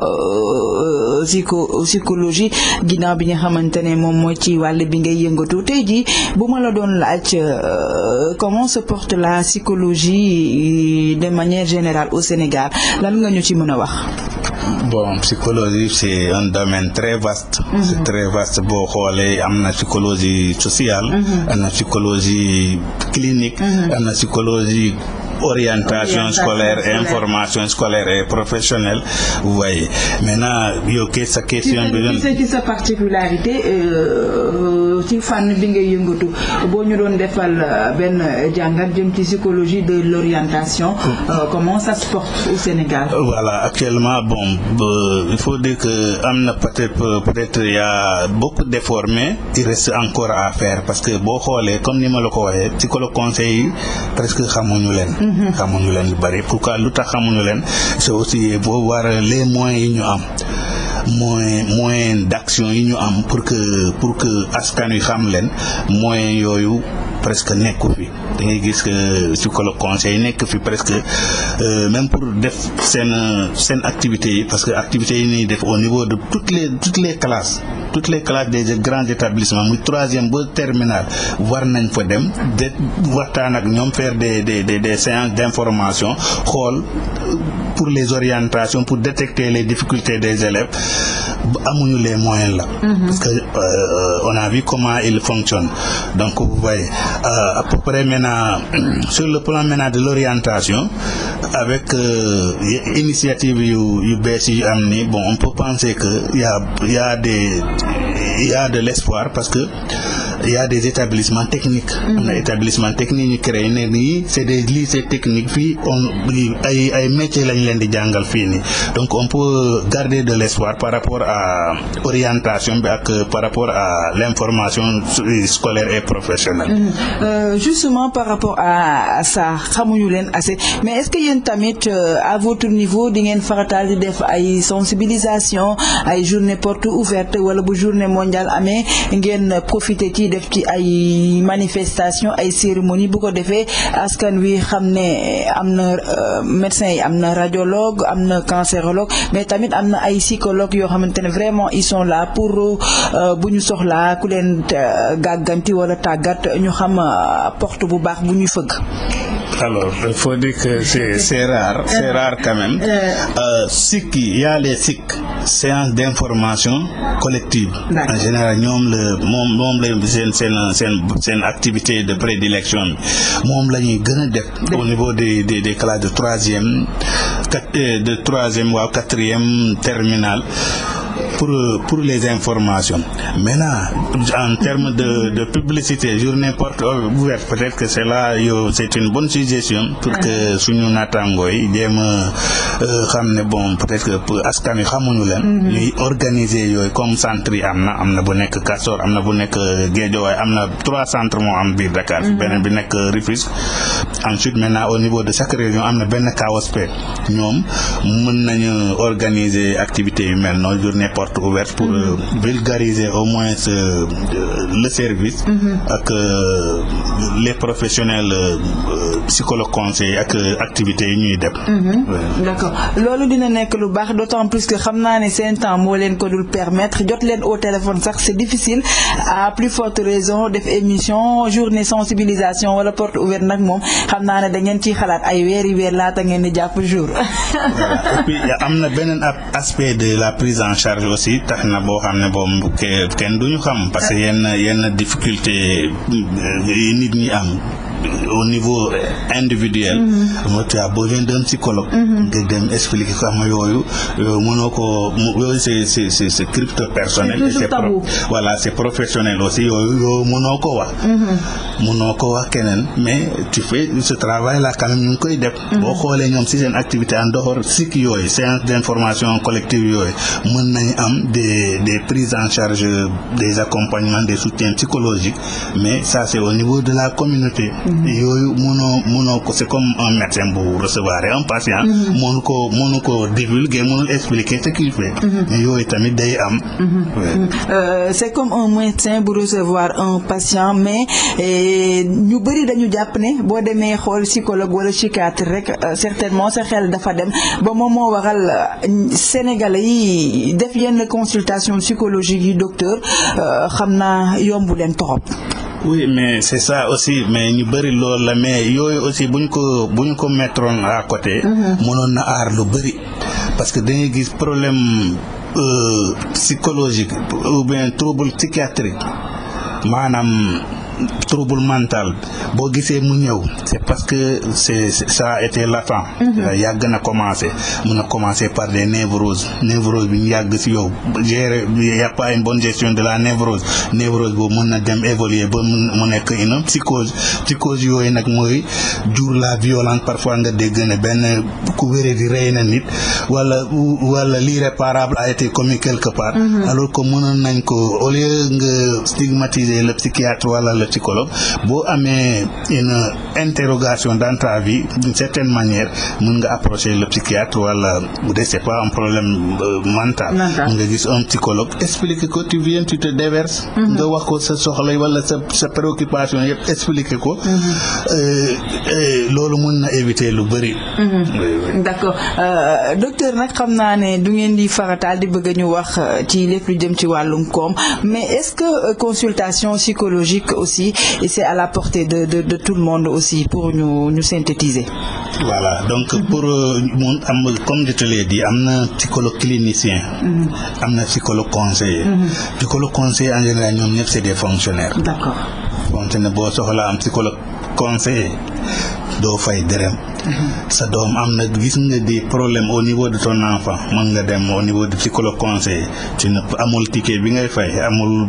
euh, psycho psychologie bi nga xamante moom mooy ci wàll bi ngay yëngatu tey jii bu ma la doon laaj euh, comment se porte la psychologie de manière générale au Sénégal lan nga ñu ci mën a wax. bon psychologie c'est un domaine très vaste. Mm-hmm. c'est très vaste boo xoolee am na psychologie sociale. Mm-hmm. am na psychologie clinique. Mm-hmm. am na psychologie orientation scolaire information scolaire et professionnelle vous voyez maintenant yow kee sa question bi doon ci sa euh, ci fànn bi ngay yëngatu boo ñu doon defal euh, benn jàngat jëm ci psychologie de l'orientation hmm. euh, comment ça se au Sénégal voilà actuellement bon il faut dire que am na peut-être peut-être y a beaucoup d'efforts mais il reste encore à faire parce que boo xoolee comme ni ma la ko waxee psychologue conseil yi presque xamuñu leen Mm-hmm. xamuñu leen lu bari pourquoi lu tax xamuñu leen c'est aussi boo war lee moyens yi ñu am moyen moyen d'action yi ñu am pour que pour que askan wi xam leen moyen yooyu presque nekku fi da ngay gis que psychologue conseil nekk fi presque euh, même pour def seen seen activités yi parce que activités yi ñuy def au niveau de toutes les toutes les classes toutes les classes des grands établissements muy troisième ba terminal war nañ fa dem de waxtaan ak ñoom faire des des des séances d'information xool pour les orientations pour détecter les difficultés des élèves amuñu les moyens là. Mhm. parce que euh, on a vu comment ils fonctionnent donc vous voyez euh, à peu près maintenant sur le plan maintenant de l'orientation avec euh, initiative yu yu bees am ni on peut penser que y a des y parce que. y a des établissements techniques. Mhm. am na établissement technique ñu créé nii c' est des lycées techniques fii on ay ay métiers leen di jàngal fii nii donc on peut garder de l' espoir par rapport à orientation bi ak euh, par rapport à l' information euh, scolaire et professionnelle. Mhm. Euh, justement par rapport à ça xamuñu leen assez mais est ce que yéen tamit à votre niveau di ngeen farataal di def ay sensibilisation ay journée porte ouverte wala bu journée mondiale amee ngeen def ci ay manifestation ay cérémonie bu ko defee askan wi xam ne eh, am na euh, médecin yi am na radiologue am na cancérologue mais tamit am na ay psychologue yoo xamante ne vraiment ils sont là pour euh, bu ñu soxlaa ku leen euh, gàgganti wala tàggat ñu xam porte bu baax bu ñuy fëgg alors il faut dire que c'est rare c'est euh, rare euh, euh, sikk yi y a les sikk séance d'information collective en général ñoom la moom moom la seen seen seen activité de prédilection bi moom la ñuy gën def au niveau des des des classes de troisième de troisième waaw quatrième terminale pour pour les informations maintenant en termes de de publicité journée porte ouverte peut-être que c'est là yow c'est une bonne suggestion pour que suñu naataangoo yi jéem a euh, xam ne bon peut-être que askan wi xamuñu leen. Mm-hmm. ñuy organiser yooyu comme centre yi am na am na bu nekk Castor am na bu nekk Guédiawaye am na trois centre moo am biir Dakar. Mm-hmm. beneen bi nekk Rufisque ensuite maintenant au niveau de chaque région am na benn KOSP ñoom mën nañu organiser activité yu mel noonu journée porte ouverte pour euh, vulgariser au moins euh, le service mm-hmm. ak euh, les professionnels psychologues conseil ak activités yi ñuy dem. Mm-hmm. d'accord loolu dina nekk lu baax d'autant plus que xam naa ne seen temps moo leen ko permettre jot leen au téléphone sax c'est difficile à plus forte raison def émission journée sensibilisation wala porte ouverte nag moom xam naa ne da ngeen ciy xalaat ay weeri weer laata ngeen di jàpp jour. et am na beneen aspect de la prise en charge si tax na boo xam ne boobu kenn duñu xam parce que yenn yenn difficulté euh, yi nit ñi am au niveau individuel. Mhm. moo tax boo ngeen doon psychologue. Mhm. nga dem expliquer ko am yooyu euh, yooyu noo ko yooyu c'est c'est c'est crypto personnel. c'est tabou voilà c'est aussi yooyu yooyu mënoo ko wax. Mhm. mënoo ko wax keneen mais tu fais ce travail là quand même ñu koy def. boo xoolee ñoom si seen activité en dehors cycle yooyu de d'information collective yooyu mën nañ am des des prises en charge des accompagnement des soutiens psychologiques mais ça c'est au niveau de la communauté. yooyu mënoo munoo ko c'est comme un médecin bu recevoir un patient. mënu mm-hmm. ko mënu ko divulguer mënul expliquer ce ki fait. Mm-hmm. yooyu tamit day am. Mm-hmm. Euh, c'est comme un médecin bu recevoir un patient mais eh, ñu bëri dañu jàpp ne boo demee xool psychologue wala psychiatre rek euh, certainement sa xel dafa dem ba moom moo waxal euh, sénégalais yi def yenn consultation psychologique yi docteur xam naa yombu leen trop. oui mais c'est ça aussi mais ñu bëri loolu la mais yooyu aussi bu ñu ko bu ñu ko mettroon à côté. Mhm. mënoon na aar lu bëri parce que dañuy gis problème euh, psychologique ou bien trouble psychiatrique maanaam. trouble mental boo gisee mu ñëw c'est parce que c'est ça a été latent mhm. euh, yàgg na commencé mun a commencé par des névroses névrose bi ñu yàgg si yow gérer y a une bonne gestion de la névrose névrose boobu mën na dem évoluer ba mu nekk une psychose psychose yooyu nag mooy jur la violence parfois nga dégg ne benn ku wéré di rey na nit wala wala l'irréparable a été commis quelque part mhm. alors que mënoon nañ ko au lieu nga stigmatiser le psychiatre wala le psychologue boo amee une interrogation dans ta vie d'une certaine manière mën nga approcher le psychiatre wala bu dee c'est pas un problème euh, mental mën nga gis un psychologue expliquer ko tu viens tu te déverses mm-hmm. nga wax ko sa soxla wala sa sa préoccupation yëpp expliquer ko mm-hmm. euh, euh, loolu mën na éviter lu bëri mm-hmm. d'accord docteur nag xam naa ne du ngeen di farataal di bëgg ñu wax ci lépp lu jëm ci wàllum koom mais est-ce que consultation psychologique aussi aussi et c'est à la portée de, de, de tout le monde aussi pour ñu ñu synthétiser. voilà donc mm-hmm. pour euh, mu am comme je te l'ai dit am na psychologue clinicien. Mm-hmm. am na psychologue conseiller. Mm-hmm. psychologue conseiller en général ñoom ñëpp c'est des boo soxlaa am psychologue conseiller doo fay dërëm. sa doom am na gis nga des problèmes au niveau de ton enfant mën nga dem au niveau de psychologue conseiller tu ne amul ticket bi ngay fay amul.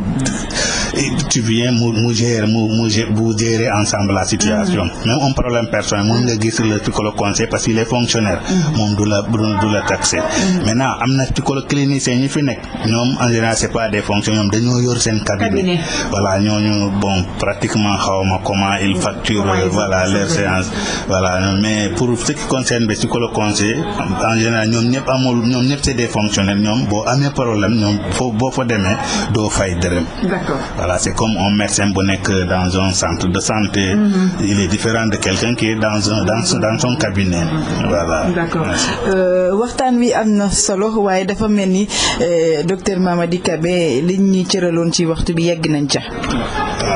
et tu viens mu mu gérer mu mu vous gérer ensemble la situation. Mm-hmm. même un problème personnel mun nga gis le psychologue conseil parce qu'il est fonctionnaire. Mm-hmm. moom du la du la taxé. Mm-hmm. maintenant am na psychologue clinicien ñi fi nekk ñoom en général c'est pas des fonctionnaires ñoom dañoo yor seen cabinet. voilà ñooñu bon pratiquement xawma comment ils facturent euh, voilà leur séance voilà mais pour ce qui concerne le psychologue conseil en général ñoom ñëpp amul ñoom ñëpp c'est des fonctionnaires ñoom boo amee problème ñoom foo boo fa demee doo fay dërëm. voilà c'est comme un médecin bu nekk dans un centre de santé. Mm-hmm. il est différent de quelqu'un qui est dans un dans dans son cabinet. voilà d'accord euh, waxtaan wi am na solo waaye dafa mel ni eh, docteur Mamady Kébé liñ ñu cëraloon ci waxtu bi yegg nañ ca.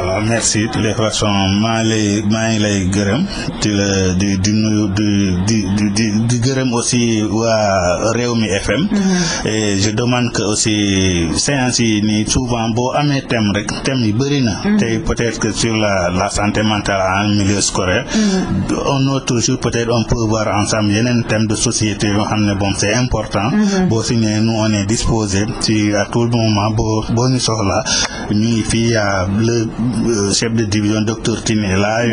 waaw merci de toute façon maa lay ngi lay gërëm di la di di di gërëm aussi waa Rewmi FM. Mm-hmm. et je demande que aussi séance yi nii souvent boo amee thème rek. thèmes yi bëri na. Mm-hmm. tey peut-être que sur la la santé mentale en milieu scolaire. Mm-hmm. on no toujours peut-être on peut voir ensemble yeneen thèmes de société yoo xam bon c'est important. Mm-hmm. boo si nee nous on est disposé ci à tout moment boo boo ñu soxla ñu ngi fii le euh, chef de division docteur Tine est là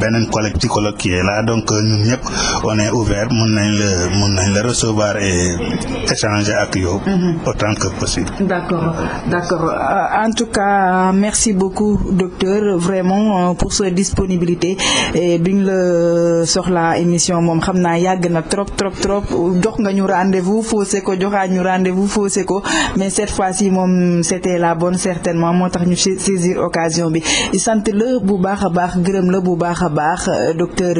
beneen collègue psychologue qui est là donc euh, ñun ñëpp on est ouvert mun nañ la mun nañ la recevoir et échanger ak yow. autant que possible. d'accord euh, en tout cas. Voilà, euh, merci beaucoup docteur vraiment euh, pour sa disponibilité bi ñu la euh, soxla émission moom xam naa yàgg na trop trop trop jox nga ñu rendez-vous faussé ko joxaa ñu rendez-vous faussé ko mais cette fois si moom c'était la bonne certainement moo tax ñu saisir occasion bi sant la bu baax a baax gërëm la bu baax a baax docteur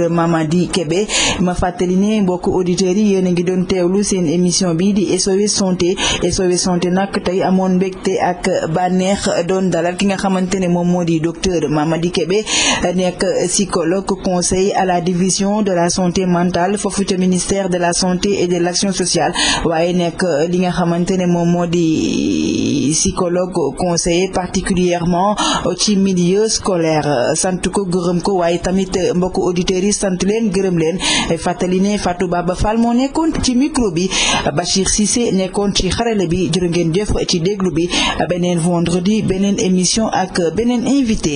di kebe ma fàttali ne mbokk auditeurs yi yéen a ngi doon teew lu seen émission bi di SOS santé SOS santé nag tey amoon mbégte ak bànneex dalal ki nga xamante ne moom moo di docteur Mamady Kébé nekk psychologue conseil à la division de la santé mentale foofu ca ministère de la santé et de l'action sociale waaye nekk li nga xamante ne moom moo di psychologue conseiller particulièrement ci milieu scolaire sant ko gërëm ko waaye tamit mbokk auditeurs yi sant leen gërëm leen fàttali ne Fatou Baba Fall moo nekkoon ci micro bi Bachir Cissé nekkoon ci bi ngeen jëf ci déglu émission ak beneen invité